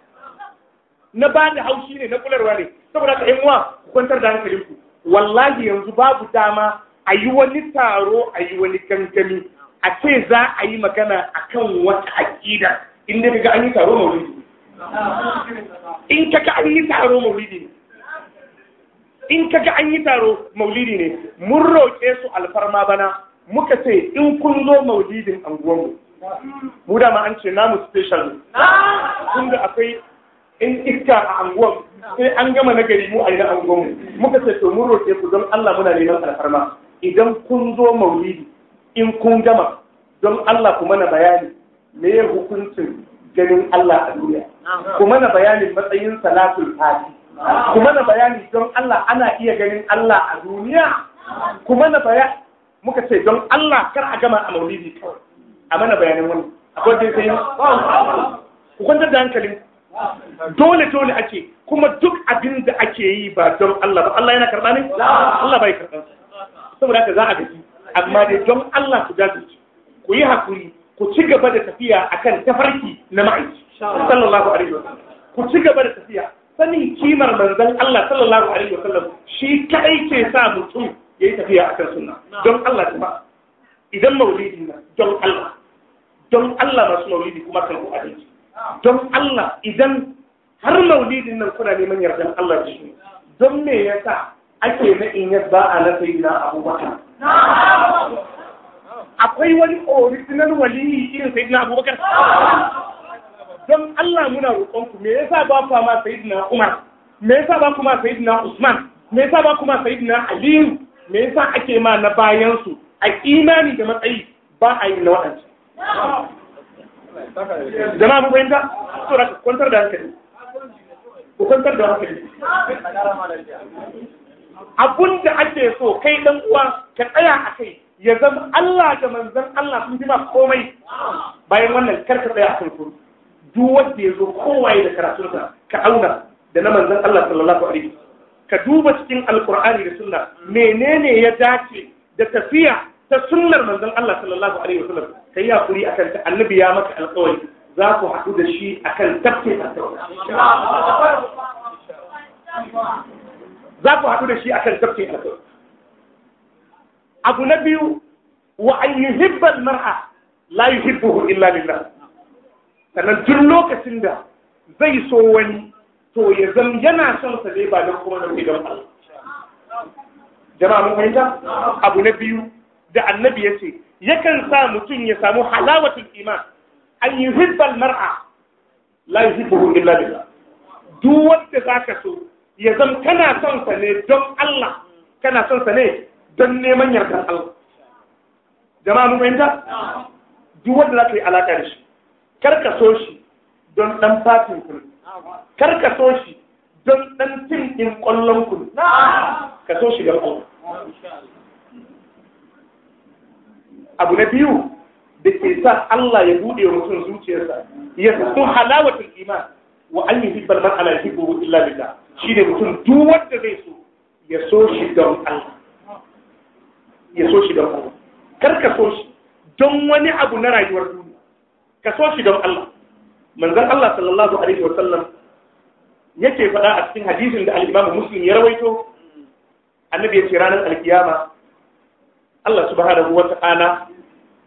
na ba da haushi ne na kularwa ne saboda ka yan uwa ku kwantar da ku. wallahi yanzu babu dama a yi wani taro a yi wani kankani a ce za a yi magana a kan wata aƙida in da an yi taro maulidi in ka ga an yi taro maulidi ne in ka an yi taro maulidi ne mun roƙe su alfarma bana muka ce in kun zo maulidin anguwanmu mu dama an ce namu special da akwai in iska a anguwan sai an gama na gari mu a yi na anguwan muka ce to mun roƙe ku don Allah muna neman alfarma idan kun zo maulidi in kun gama don Allah ku mana bayani me ya hukuncin ganin Allah a duniya ku mana bayanin matsayin salatul fati ku mana bayani don Allah ana iya ganin Allah a duniya ku mana bayani muka ce don Allah kar a gama a maulidi kawai a mana bayanin wani akwai dai sai ku kwantar da hankalinku dole dole ake kuma duk abin da ake yi ba don Allah ba Allah yana karɓa ne Allah bai karɓa saboda haka za a gaji amma dai don Allah ku jajirce ku yi hakuri ku ci gaba da tafiya akan tafarki na ma'aiki sallallahu alaihi wa sallam ku ci gaba da tafiya sanin kimar manzon Allah sallallahu alaihi wa sallam shi kadai ke sa mutum yayi tafiya akan sunna don Allah ta idan maulidi na don Allah don Allah masu maulidi kuma kan ku adalci don Allah idan har maulidin nan kuna neman yardan Allah da shi don me yasa ake na inyar ba a na sayi na abubakar akwai wani original waliyi irin sayi na abubakar don Allah muna roƙonku me yasa ba kuma ma sayi na umar me yasa ba kuma sayi na usman me yasa ba kuma sayi na aliyu me yasa ake ma na bayansu a imani da matsayi ba a yi na waɗansu jama'a mun fahimta to da kwantar da hankali ku kwantar da hankali abun da ake so kai dan uwa ka tsaya a kai ya zama Allah da manzon Allah sun ji ma komai bayan wannan kar ka tsaya a kai kuru duk wanda ya zo kowaye da karatunsa ka auna da na manzon Allah sallallahu alaihi ka duba cikin alkur'ani da sunna menene ya dace da tafiya ta sunnar manzon Allah sallallahu alaihi wasallam ta yi hakuri akan ta annabi ya maka alƙawari za ku haɗu da shi akan tafke ta za ku haɗu da shi akan tafke ta abu na biyu wa an yuhibba al-mar'a la yuhibbuhu illa lillah sannan duk lokacin da zai so wani to ya zan yana son sa ne ba don kuma na don Allah jama'a mun fahimta abu na biyu da annabi ya ce yakan sa mutum ya samu halawatul iman an yi hibbal mar'a la yuhibbuhu illa billah duk wanda zaka so ya zama kana son sa ne don Allah kana son sa ne don neman yardar Allah jama'a mun fahimta duk wanda zaka yi alaka da shi kar ka so shi don dan fatin ku kar ka so shi don dan tin din ƙwallon ku ka so shi don Allah abu na biyu da ke sa Allah ya bude wa mutum zuciyarsa ya so halawatul iman wa an yuhibba man ala yuhibbu illa billah ne mutum duk wanda zai so ya so shi don Allah ya so shi don Allah kar ka so shi don wani abu na rayuwar duniya ka so shi don Allah manzon Allah sallallahu alaihi wa sallam yake faɗa a cikin hadisin da al-Imam Muslim ya rawaito annabi ya ce ranar alkiyama Allah subhanahu wa ta'ala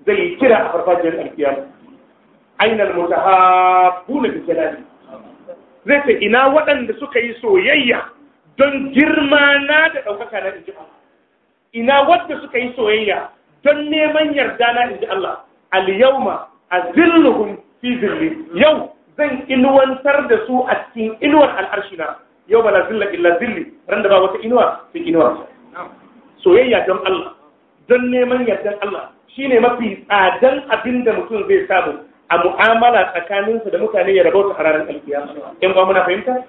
zai kira a farfajiyar alkiyama ainal mutahabbuna bi jalali zai ce ina waɗanda suka yi soyayya don girma na da ɗaukaka na inji Allah ina wadda suka yi soyayya don neman yarda na inji Allah al yawma azilluhum fi zilli yau zan inuwantar da su a cikin inuwar al'arshina yau ba la zilla illa zilli ran da ba wata inuwa sai inuwa soyayya don Allah don neman yardan Allah shi ne mafi tsadan abin da mutum zai samu a mu'amala tsakaninsa da mutane ya rabauta a ranar alkiyama in ba muna fahimta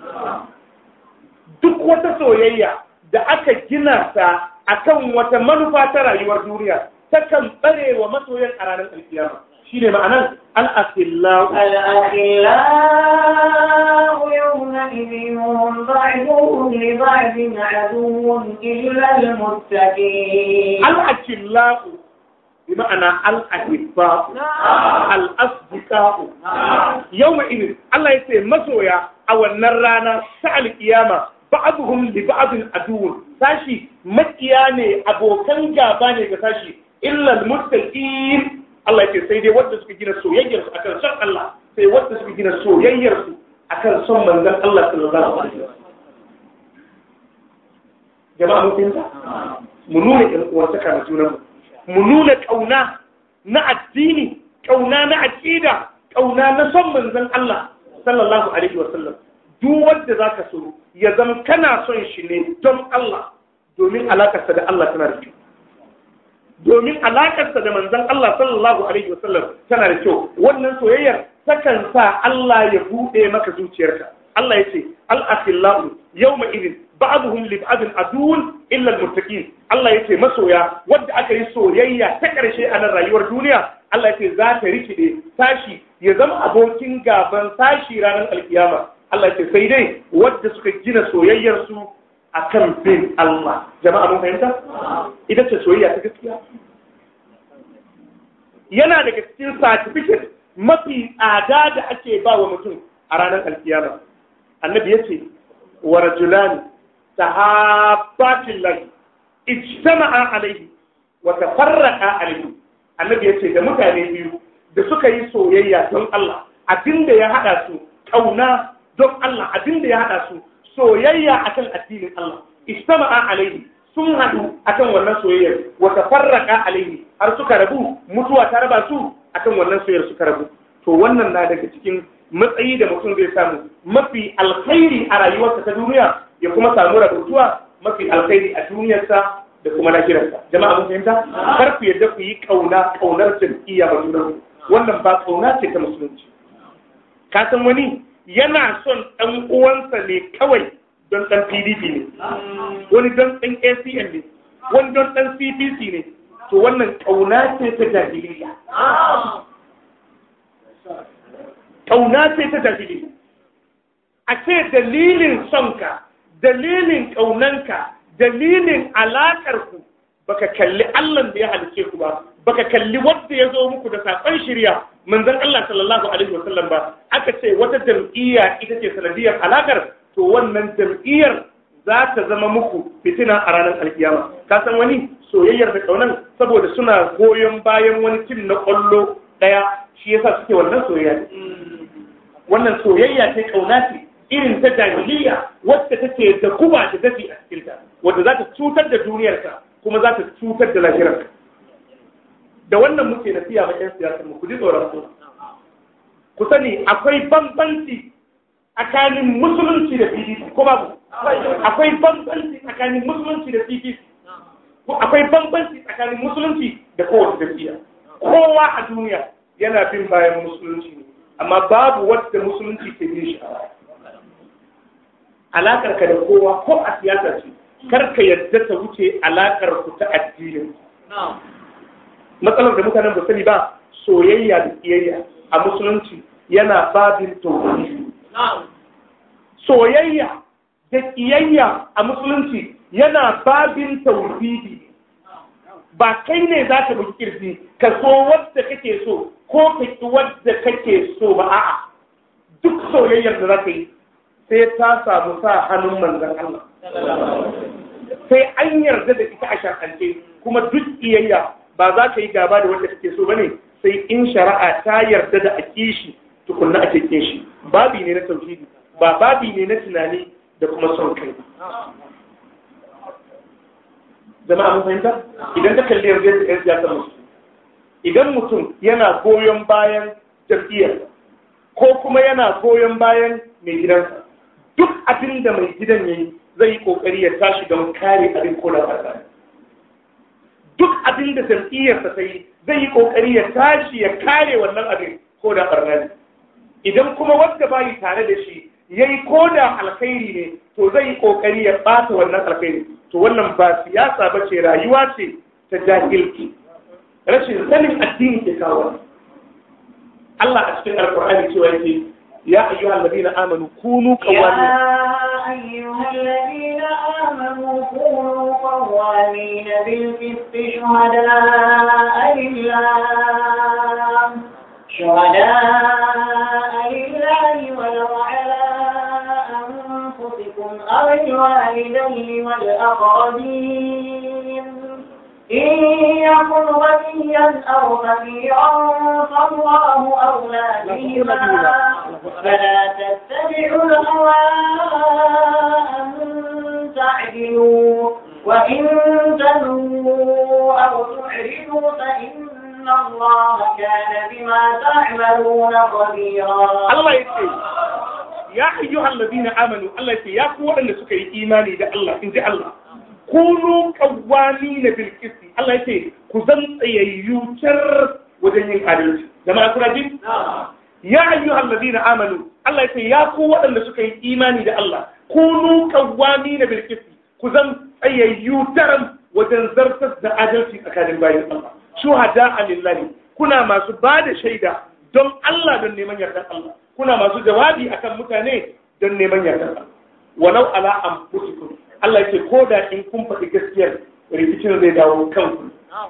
duk wata soyayya da aka gina ta akan wata manufa ta rayuwar duniya ta kan tsare wa masoyan a ranar alkiyama shine ma'anan al-asillahu ma'anar يومئذ بعضهم لبعض عدو إلا المتقين الأكلاء بمعنى الأحباء الأصدقاء يومئذ الله يسير مسويا أو النرانا سأل القيامة بعضهم لبعض عدو ساشي مكياني أبو كان جاباني ساشي إلا المتقين الله ya سيدي sai dai السوء يجرس gina soyayyarsu الله سيدي Allah sai السوء suka akan son manzon Allah sallallahu alaihi wasallam jama'a mun fahimta mu nuna uwartaka na junanmu mu nuna kauna na addini kauna na aqida kauna na son manzon Allah sallallahu alaihi wasallam duk wanda zaka so ya zama kana son shi ne don Allah domin alakarsa da Allah tana da kyau domin alakarsa da manzon Allah sallallahu alaihi wasallam tana da kyau wannan soyayyar takan sa Allah ya buɗe maka zuciyarka Allah ya ce al-akhillahu yawma idin ba'dhum li ba'din adun illa al Allah ya ce masoya wadda aka yi soyayya ta ƙarshe a nan rayuwar duniya Allah ya ce za ta rikide tashi ya zama abokin gaban sashi ranar alkiyama Allah ya ce sai dai wadda suka gina soyayyarsu su akan bin Allah jama'a mun fahimta ita ce soyayya ta gaskiya yana daga cikin certificate mafi tsada da ake ba wa mutum a ranar alkiyama annabi ya ce wa rajulani sahabatin lahi ijtama'a alaihi wa tafarraqa alaihi annabi ya ce da mutane biyu da suka yi soyayya don Allah abinda ya hada su kauna don Allah abinda ya haɗa su soyayya akan addinin Allah ijtama'a alaihi sun haɗu akan wannan soyayyar wa tafarraqa alaihi har suka rabu mutuwa ta raba su akan wannan soyar suka rabu to wannan na daga cikin matsayi da mutum zai samu mafi alkhairi a rayuwarsa ta duniya ya kuma samu rabutuwa mafi alkhairi a duniyarsa da kuma lahirarsa jama'a mun fahimta kar ku yadda ku yi kauna kaunar jam'iyya ba junan wannan ba kauna ce ta musulunci ka san wani yana son dan uwansa ne kawai don dan PDP ne wani don dan ACN ne wani don dan CPC ne to wannan ƙauna ce ta jahiliya ƙauna ce ta jahiliya a ce dalilin sonka dalilin ƙaunanka dalilin alaƙarku baka kalli Allah da ya halice ku ba baka kalli wanda ya zo muku da saƙon shirya manzon Allah sallallahu alaihi wasallam ba aka ce wata jam'iyya ita ce sanadiyar alaƙar to wannan jam'iyyar za ta zama muku fitina a ranar alkiyama ka san wani soyayyar da kaunan saboda suna goyon bayan wani tim na kwallo daya shi yasa suke wannan soyayya wannan soyayya ce kauna ce irin ta jahiliya wacce take da kuma da zafi a cikin ta, wadda za ta cutar da ta kuma za ta cutar da lahirarka da wannan muke nasiya ma ƴan siyasar mu ku ji tsoron su ku sani akwai bambanci tsakanin musulunci da pdp ko babu akwai bambanci tsakanin musulunci da pdp ko akwai bambanci tsakanin musulunci da kowace tafiya kowa a duniya yana bin bayan musulunci ne amma babu wadda musulunci ke bin shi a alakar ka da kowa ko a siyasa ce kar ka yadda ta wuce alakar ku ta addinin matsalar da mutanen ba sani ba soyayya da kiyayya a musulunci yana babin tauhidi soyayya da kiyayya a musulunci yana babin tauhidi ba kai ne za ka buki kirji ka so wadda kake so ko ka ki wadda kake so ba a'a duk soyayyar da za ka yi sai ta samu sa hannun manzan Allah sai an yarda da ita a shakance kuma duk iyayya ba za ka yi gaba da wanda kake so bane sai in shari'a ta yarda da a kishi tukunna a ake shi babi ne na tauhidi ba babi ne na tunani da kuma son kai Zama abin fahimta idan ka kalli yanzu yadda 'yan siyasar musu idan mutum yana goyon bayan tafiyar ko kuma yana goyon bayan mai gidansa duk abin da mai gidan yi zai yi kokari ya tashi don kare abin ko da fasa duk abin da jam'iyyarsa ta yi zai yi kokari ya tashi ya kare wannan abin ko da barna ne idan kuma wanda bayi tare da shi yi ko da alkhairi ne to zai yi kokari ya ɓata wannan alkhairi to wannan ba siyasa ba ce rayuwa ce ta jahilci rashin sanin addini ke kawo Allah a cikin alkur'ani cewa yake يا أيها الذين آمنوا كونوا قوامين يا أيها الذين آمنوا كونوا قوامين بالقسط شهداء لله شهداء لله ولو على أو الوالدين والأقربين إن يكن غنيا أو فقيرا فالله أولى بهما فلا تتبعوا الهوى أن تعدلوا وإن تلووا أو تحرموا فإن الله كان بما تعملون خبيرا الله يكفي ya ayyuhal ladina amanu Allah ce ya ku waɗanda suka yi imani da Allah in ji Allah kunu qawwamina bil qist Allah ce ku zan tsayayyu tar wajen yin adalci jama'a kuna ya ayyuhal ladina amanu Allah ce ya ku waɗanda suka yi imani da Allah kunu qawwamina bil qist ku zan tsayayyu tar wajen zartar da adalci tsakanin bayin Allah shuhada lillahi kuna masu ba da shaida don Allah don neman yardan Allah kuna masu jawabi akan mutane don neman yardan Allah walau ala anfusikum Allah yake ko da in kun faɗi gaskiyar rikicin zai dawo kan ku.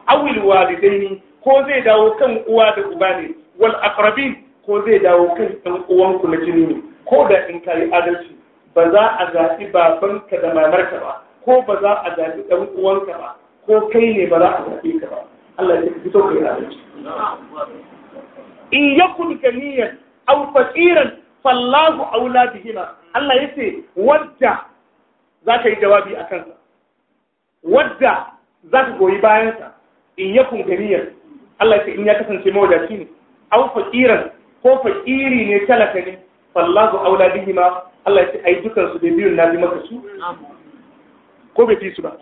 awil walidaini ko zai dawo kan uwa da uba ne wal aqrabin ko zai dawo kan ɗan uwanku na jini ne ko da in kai adalci ba za a zaɓi babanka da mamarka ba ko ba za a zaɓi ɗan uwanka ba ko kai ne ba za a zaɓe ka ba Allah ya fito kai adalci in yakun ganiyan aw faqiran fallahu aula bihima Allah ya ce wadda za ka yi jawabi a kansa wadda za ka goyi bayansa in ya kun ganiyan Allah ya ce in ya kasance mawadaci ne aw faqiran ko fasiri ne talaka ne fallahu aula bihima Allah ya ce ai dukansu da biyun na bi maka su ko bai fi su ba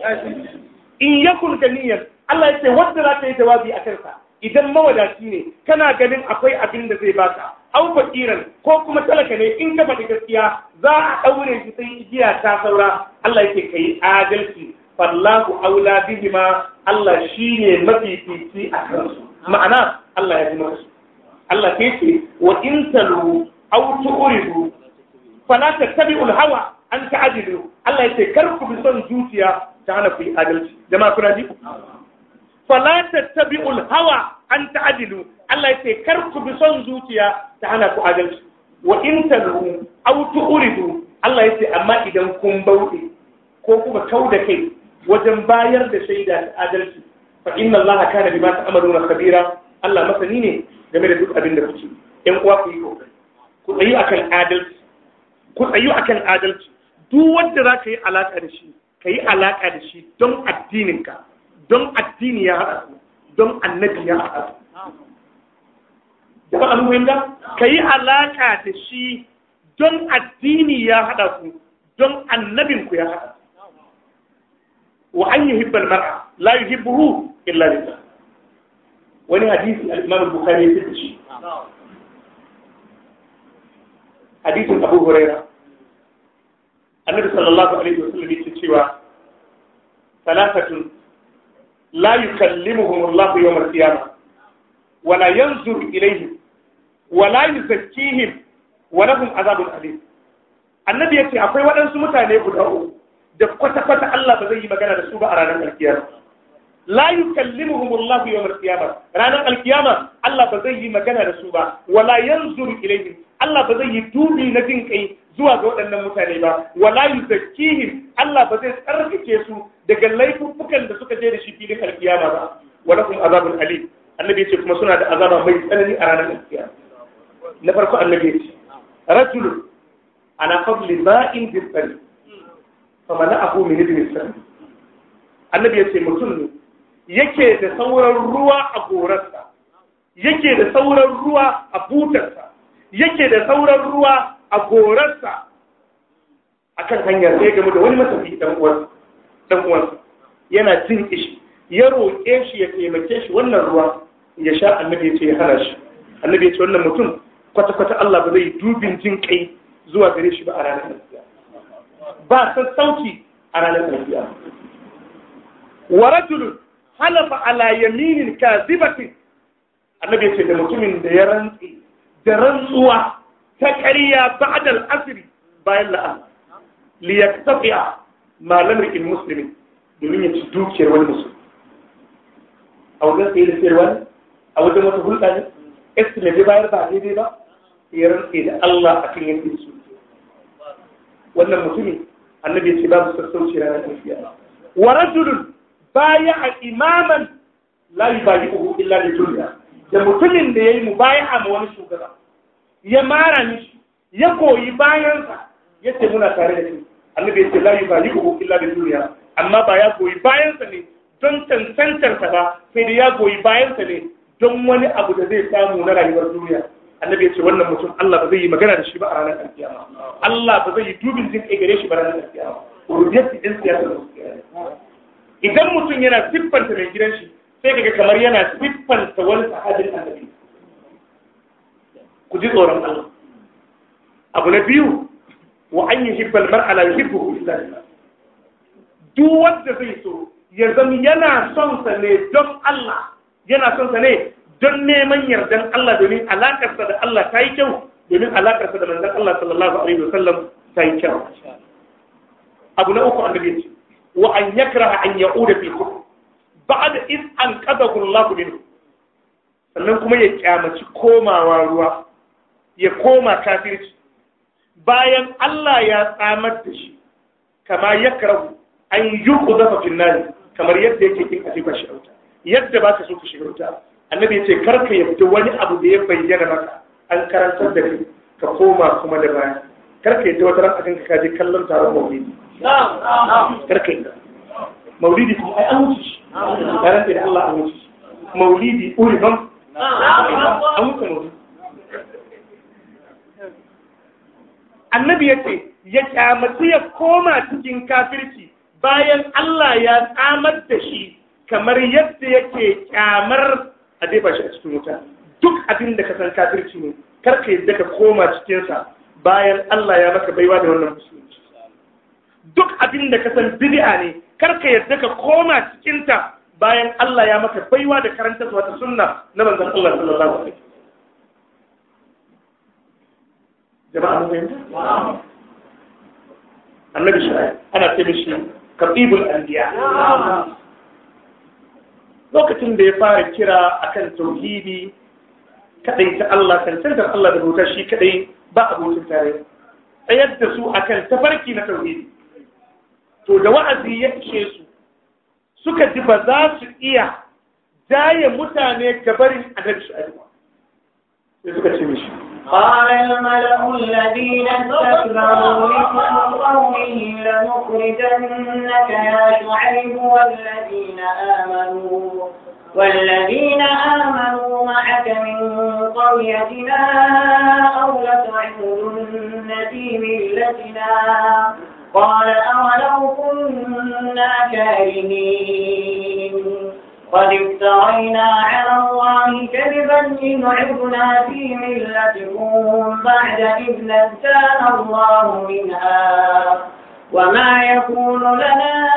in ya kun ganiyan Allah ya ce wadda za ka yi jawabi a kansa idan mawadaci ne kana ganin akwai abin da zai baka au fakiran ko kuma talaka ne in ka faɗi gaskiya za a ɗaure shi sai igiya ta saura Allah yake kai adalci fallahu aula bihima Allah shi ne mafi mafifici a kansu ma'ana Allah ya ji masu Allah ke ce wa in talu au tu'ridu fala tattabi'ul hawa an ta'dilu Allah yake kar ku bi son zuciya ta hana ku adalci jama'a kuna ji fala tattabi'ul hawa an ta'dilu Allah yace kar ku bi son zuciya ta hana ku adalci wa in talu aw tu'ridu Allah yace amma idan kun bauɗe ko kuma kau da kai wajen bayar da shaida ta adalci fa inna Allah kana bima ta'maluna khabira Allah masani ne game da duk abin da kuke ɗan uwa ku yi ku tsayu akan adalci ku tsayu akan adalci duk wanda za ka yi alaka da shi ka yi alaka da shi don addininka don addini ya haɗa su don annabi ya haɗa su da ba alhuhinda ka yi alaƙa da shi don addini ya haɗa su don ku ya hada wa an yi hibbal mar'a la yi illa lillah wani hadisi al-imam bukhari ya fice hadisin abu huraira annabi sallallahu alaihi wasallam ce cewa salafatun la yukallimuhum Allah yawm al-qiyamah wa la yanzur ilayhim wa la yuzakkihim wa lahum azabun alim annabi akwai waɗansu mutane guda uku da kwata kwata Allah ba zai yi magana da su ba a ranar alkiyama la yukallimuhum Allah yawm al-qiyamah ranar alkiyama Allah ba zai yi magana da su ba Wala la ilayhim Allah ba zai yi dubi na jin kai zuwa ga waɗannan mutane ba wala yuzakkihim Allah ba zai tsarkake su daga laifukan da suka je da shi filin alkiyama ba kun azabun alim annabi ce kuma suna da azaba mai tsanani a ranar alkiyama na farko annabi ya ce rajulun ala fadli ba'in bi tsari fa abu min ibn sari annabi ya ce mutum ne yake da sauran ruwa a gorarsa yake da sauran ruwa a butarsa yake da sauran ruwa a gorarsa a kan hanyar sai game da wani matafi ɗan uwansa yana jin ishi ya roƙe shi ya taimake shi wannan ruwa ya sha annabi ya ce ya hana shi annabi ya ce wannan mutum kwata-kwata Allah ba zai dubin jin kai zuwa gare shi ba a ranar alfiya ba sauki a ranar alfiya wa rajulun halafa ala yaminin kazibatin annabi ya ce da mutumin da ya rantsi da rantsuwa ta ƙarya da asri bayan la'an li yaktafi'a malam rikin muslimin domin ya ci dukiyar wani musulmi a wajen tsaye da sayarwa a wajen wata hulɗa ne estimate ya bayar ba daidai ba ya rantse da Allah a kan yankin su wannan mutumin annabi ya ce babu sassauci ranar alfiya wa rajulun baya a imaman la yubayi'uhu illa li dunya da mutumin da yayi mubaya'a ma wani shugaba ya mara ni ya koyi bayansa ya ce muna tare da shi annabi ya ce la yubaliku illa bi duniya amma ba ya koyi bayansa ne don ta ba sai da ya koyi bayansa ne don wani abu da zai samu na rayuwar duniya annabi ya ce wannan mutum Allah ba zai yi magana da shi ba a ranar alkiyama Allah ba zai yi dubin jin kai gare shi ba ranar alkiyama rubiyar din siyasa idan mutum yana siffanta mai gidan shi sai kaga kamar yana siffanta wani sahabin annabi ku ji tsoron Allah abu na biyu wa an yi hibbal mar'a la yuhibbu illa duk wanda zai so ya zama yana son sa ne don Allah yana son sa ne don neman yardan Allah domin alakarsa da Allah ta yi kyau domin alakarsa da manzon Allah sallallahu alaihi wa sallam ta yi kyau abu na uku annabi yace wa an yakraha an ya'uda fil kufr ba'd iz an qadahu Allah minhu sannan kuma ya kyamaci komawa ruwa ya koma kafirci bayan Allah ya tsamar da shi kama ya karahu an yi kuzafa finnari kamar yadda yake kin a jefa shi wuta yadda ba ka so ka shiga wuta annabi ya ce karka ya fita wani abu da ya bayyana maka an karantar da kai ka koma kuma da baya karka yadda wata ran akan ka kaje kallon taron maulidi karka yadda maulidi kuma ai an wuce shi ranar da Allah an wuce shi maulidi uriban an wuce maulidi annabi ya ce ya kyamatu ya koma cikin kafirci bayan Allah ya tsamar da shi kamar yadda yake kyamar a jefa shi a cikin wuta duk abin da ka san kafirci ne kar ka yadda ka koma cikinsa bayan Allah ya maka baiwa da wannan musulunci duk abin da ka san bid'a ne kar ka yadda ka koma cikinta bayan Allah ya maka baiwa da karanta wata sunna na manzon Allah sallallahu alaihi wasallam jama'a mun fahimta annabi shi ana ce mishi katibul anbiya lokacin da ya fara kira akan tauhidi kadai ta Allah cancantar Allah da bauta shi kadai ba abokin tare tsayar da su akan tafarki na tauhidi to da wa'azi ya ishe su suka ji ba za su iya jaye mutane gabarin annabi shi sai suka ce mishi قال الملأ الذين استكبروا لقومه لنخرجنك يا شعيب والذين آمنوا والذين آمنوا معك من قريتنا أو لتعبدن في ملتنا قال أولو كنا كارهين قد افترينا على الله كذبا إن عدنا في ملتكم بعد إذ نجانا الله منها وما يكون لنا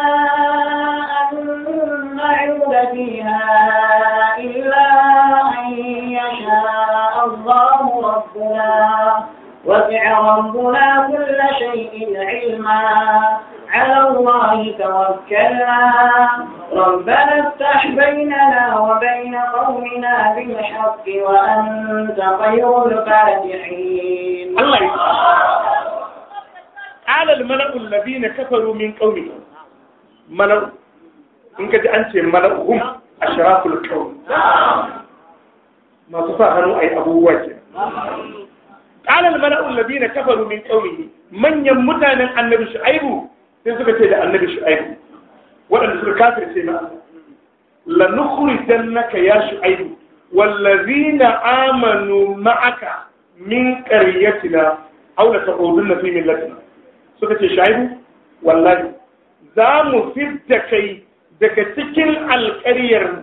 أن نعود فيها إلا أن يشاء الله ربنا وسع ربنا كل شيء علما على الله توكلنا ربنا بيننا وبين قومنا بالحق وأنت خير الفاتحين قال الملأ الذين كفروا من قومه ملأ إنك أنت الملأ هم أشراف الكون ما تفاهموا أي أبو واجه قال الملأ الذين كفروا من قومه من يمتى من النبي شعيب تنزل كتير النبي شعيب ولا نزل كافر سيما lanukhrijannaka ya shu'aibu wallazina amanu ma'aka min qaryatina aw la taqudunna fi millatina suka ce shu'aibu wallahi za mu fidda kai daga cikin alƙaryar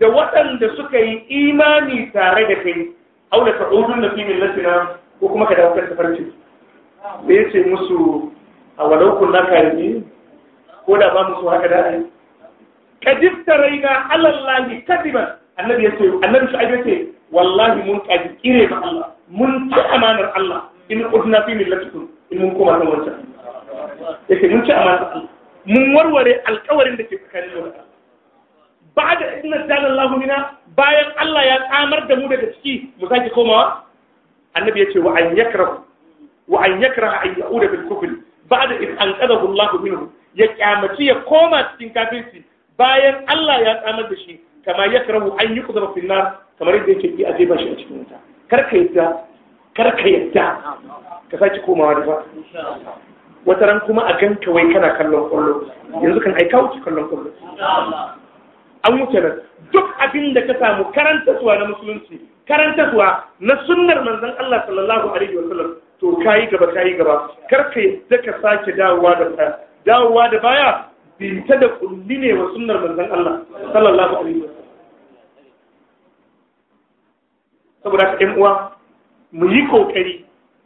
da waɗanda suka yi imani tare da kai aw la taqudunna fi millatina ko kuma ka dawo kan tafarkin da ce musu a walau kunna karimi ko da ba mu so haka da ai kadiftaraina ala allahi kadiban annabi yace annabi shu'aib yace wallahi mun kaji kire ma Allah mun ci amanar Allah in qudna fi millatikum in mun kuma kan wancan yace mun ci amanar Allah mun warware alƙawarin da ke tsakanin mu da da inna sallallahu mina bayan Allah ya tsamar da mu daga ciki mu sake komawa annabi yace wa an yakrahu wa an yakraha an ya'uda bil kufri ba'da id anqadahu Allah minhu ya kyamaci ya koma cikin kafirci bayan Allah ya tsamar da shi kama ya karahu an yi kuzama finnar kamar yadda yake yi a jefa shi a cikin wuta karka yadda karka yadda ka sake komawa da ba wata ran kuma a gan kawai kana kallon kwallo yanzu kan aika wuce kallon kwallo an wuce nan duk abin da ka samu karantarwa na musulunci karantarwa na sunnar manzon Allah sallallahu alaihi wa sallam to kayi gaba kayi gaba karka yadda ka sake dawowa da baya dawowa da baya binta da kulli ne wa sunnar manzon Allah sallallahu alaihi wasallam saboda ka ɗan uwa mu yi kokari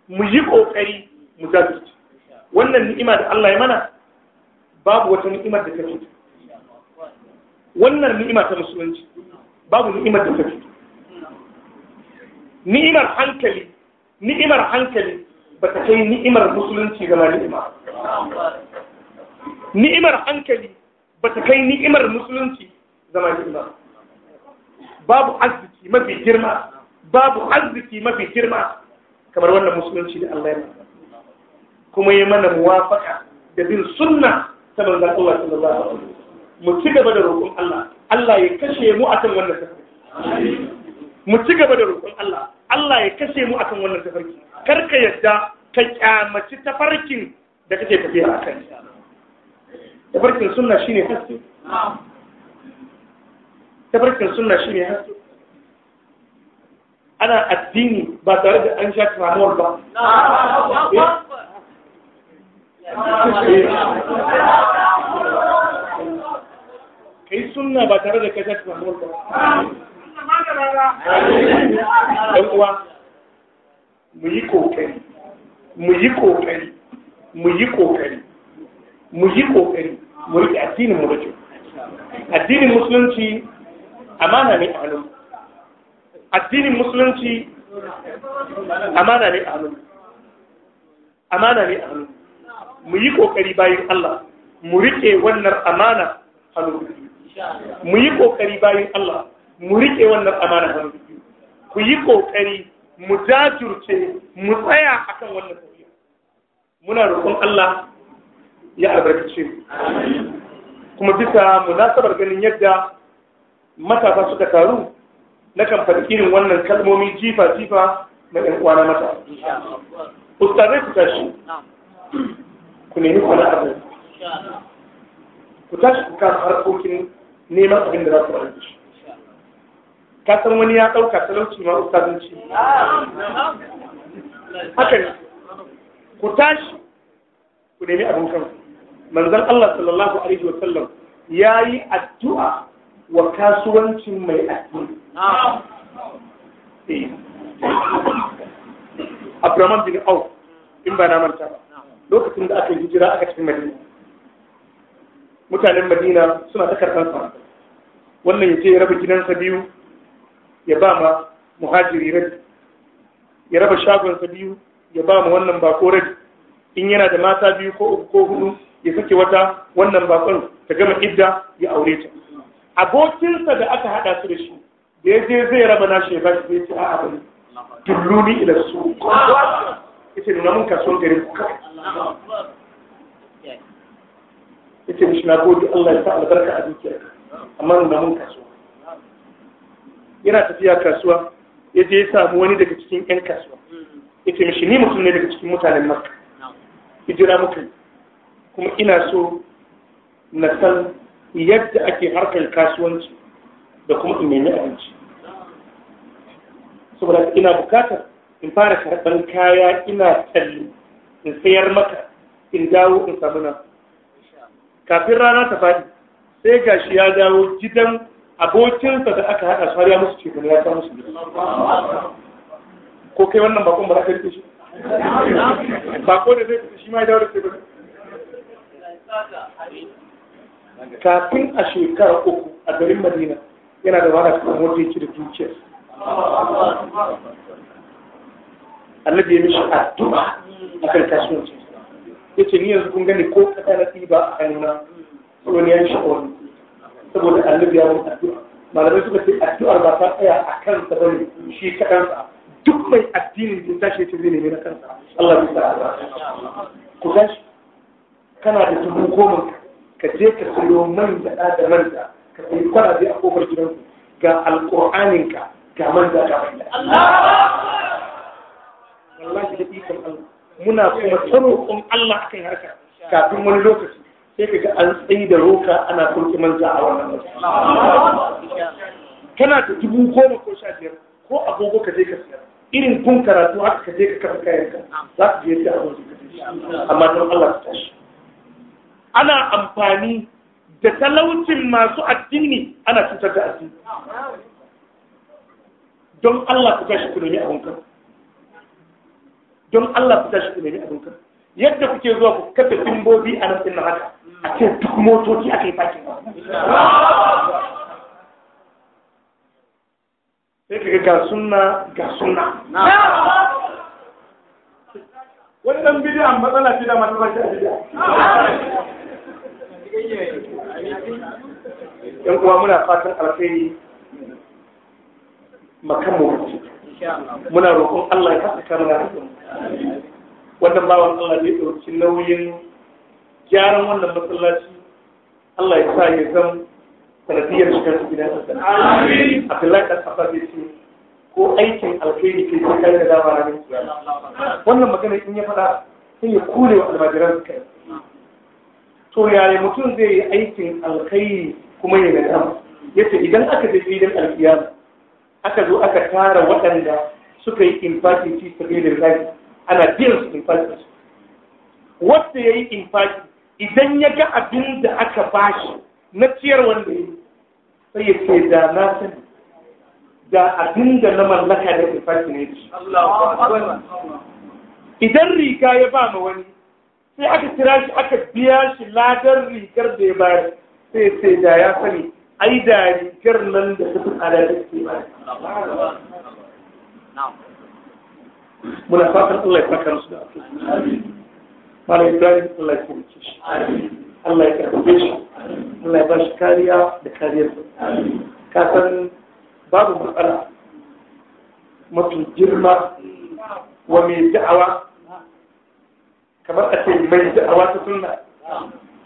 mu yi kokari mu jajirce wannan ni'ima da Allah ya mana babu wata ni'ima da ta fito wannan ni'ima ta musulunci babu ni'ima da ta fito ni'imar hankali ni'imar hankali ba ta kai ni'imar musulunci ga ni'ima ni'imar hankali ba ta kai ni'imar musulunci zama ba babu arziki mafi girma babu arziki mafi girma kamar wannan musulunci da Allah ya kuma yi mana muwafaka da bin sunna ta manzon Allah ta alaihi wasallam mu ci gaba da roƙon Allah Allah ya kashe mu akan wannan tafarki mu ci gaba da roƙon Allah Allah ya kashe mu akan wannan tafarki kar ka yadda ka kyamaci tafarkin da kake tafiya kan. tafarkin suna shine haske tafarkin sunna shine haske ana addini ba tare da an sha tsamuwar ba kai suna ba tare da ka sha tsamuwar ba ɗan uwa mu yi ƙoƙari mu yi ƙoƙari mu yi ƙoƙari mu yi ƙoƙari mu riƙe addinin mu rike addinin musulunci amana ne a addinin musulunci amana ne a amana ne a mu yi kokari bayan Allah mu riƙe wannan amana hannu mu yi kokari bayan Allah mu riƙe wannan amana hannu ku yi kokari mu jajirce mu tsaya akan wannan tafiya muna roƙon Allah ya albarkace mu kuma bisa munasabar ganin yadda matasa suka taru na kan farkinin wannan kalmomi jifa jifa na ɗan uwana mata ustazai ku tashi ku nemi kwana abu ku tashi ku kasa harkokin neman abin da za su rage shi ka san wani ya ɗauka talauci ma ustazanci haka ne ku tashi ku nemi abin kansu. manzon Allah sallallahu alaihi wa sallam yi addu'a wa kasuwancin mai addini eh. Abraman bin Auf in ba na manta ba lokacin da aka hijira aka cikin Madina mutanen Madina suna ta karɓar sa wannan ya ce ya raba gidansa biyu ya ba ma muhajiri rabi ya raba shagonsa biyu ya ba ma wannan bako rabi in yana da mata biyu ko uku ko hudu ya sake wata wannan bakon ta gama idda ya aure ta abokinsa da aka haɗa su da shi da ya je zai raba na shi ba shi zai ci a'a bane dulluni ila su yace nuna mun kasuwar gari ku Ita yace mishi na gode Allah ya sa albarka a dukiyarka amma nuna mun kasuwa yana tafiya kasuwa ya je ya samu wani daga cikin 'yan kasuwa ya ce mishi ni mutum ne daga cikin mutanen makka hijira muka yi kuma ina so na san yadda ake harkar kasuwanci da kuma in nemi abinci saboda ina bukatar in fara karɓar kaya ina tsalli in sayar maka in dawo in samu na kafin rana ta faɗi sai gashi ya dawo gidan abokinsa da aka haɗa su har ya musu cikin ya samu su ko kai wannan bakon ba za ka rike shi bako da zai fita shi ma ya dawo da sai kafin a shekara uku a garin madina yana da wada kan wanda yake da dukiyar annabi ya mishi addu'a a kan kasuwanci ya ce ni yanzu kun gani ko kasa na ɗiba a hannuna saboda ya yi sha'awar saboda annabi ya mun addu'a malamai suka ce addu'ar ba ta tsaya a kansa ba ne shi kaɗansa duk mai addinin da tashi ya ce zai nemi na kansa Allah bisa ku gashi kana da dubu goma ka je ka sayo man da da man da ka sayi kwalabe a kofar gidanku ga alƙur'anin ka ga man da ga man da wallahi da ikon Allah muna kuma tsarokon Allah akan harka kafin wani lokaci sai ka ga an tsayi da roka ana kurki manza a wannan kana da dubu goma ko sha biyar ko agogo ka je ka siya irin kun karatu haka ka je ka kafa kayan ka za ka je ta agogo ka amma don Allah ka tashi ana amfani da talaucin masu addini ana cutar da addini don Allah ku tashi ku nemi abin kan don Allah ku tashi ku nemi abin kan yadda kuke zuwa ku kafa dimbobi a nan din haka a ce duk motoci aka yi fakin sai ka ga sunna ga sunna wannan bidiyan matsala ce da matsala ce a bidiya yan kuma muna fatan alkhairi makan mu muna roƙon Allah ya saka mana wannan bawan Allah ne ɗauki nauyin gyaran wannan masallaci Allah ya sa ya zama sanadiyar shigar su gidan sassan. a Abdullahi ɗan Abba zai ce ko aikin alfahari ke sai kai da dama na Wannan magana in ya faɗa sai ya kure wa almajiran su kai. to yaya mutum zai yi aikin alkhairi kuma ya nadama yace idan aka je filin alkiyama aka zo aka tara waɗanda suka yi infaki ta sabilin rai ana biyan su infaki wanda ya yi infaki idan ya ga abin da aka bashi na ciyar wanda ya sai ya ce da na sani da abin da na mallaka da infaki ne idan riga ya ba ma wani sai aka kira shi aka biya shi ladar rigar da ya bayar sai sai da ya sani ai da rigar nan da ta fi tsada da ke bayar muna fatan Allah ya saka su da ake Malam Ibrahim Allah ya kuma shi Allah ya karfafe shi Allah ya ba shi kariya da kariyar su. san babu matsala mafi girma wa mai da'awa kamar a ce mai da a wata sunna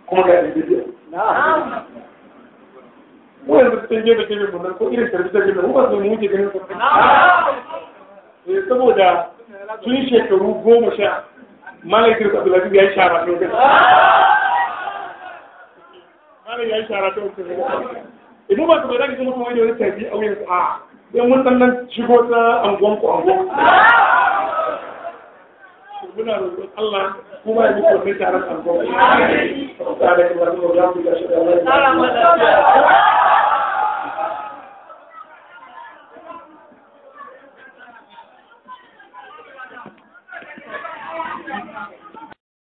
kuma ga da bidiya mu yanzu cikin da gefe mun ko irin tarbiyya gefe mu ba su mu ke ganin su eh, saboda tun shekaru goma sha malaikin abdulaziz ya yi shara ta ya yi shara ta wuce. idan ba su ba zaki ki mutum kuma wani wani tabi a wuyan a yan wannan shigo ta angon ku angon muna roƙon Allah kuma ya muku kai taron alƙawari. Amin. Assalamu alaikum wa rahmatullahi wa barakatuh.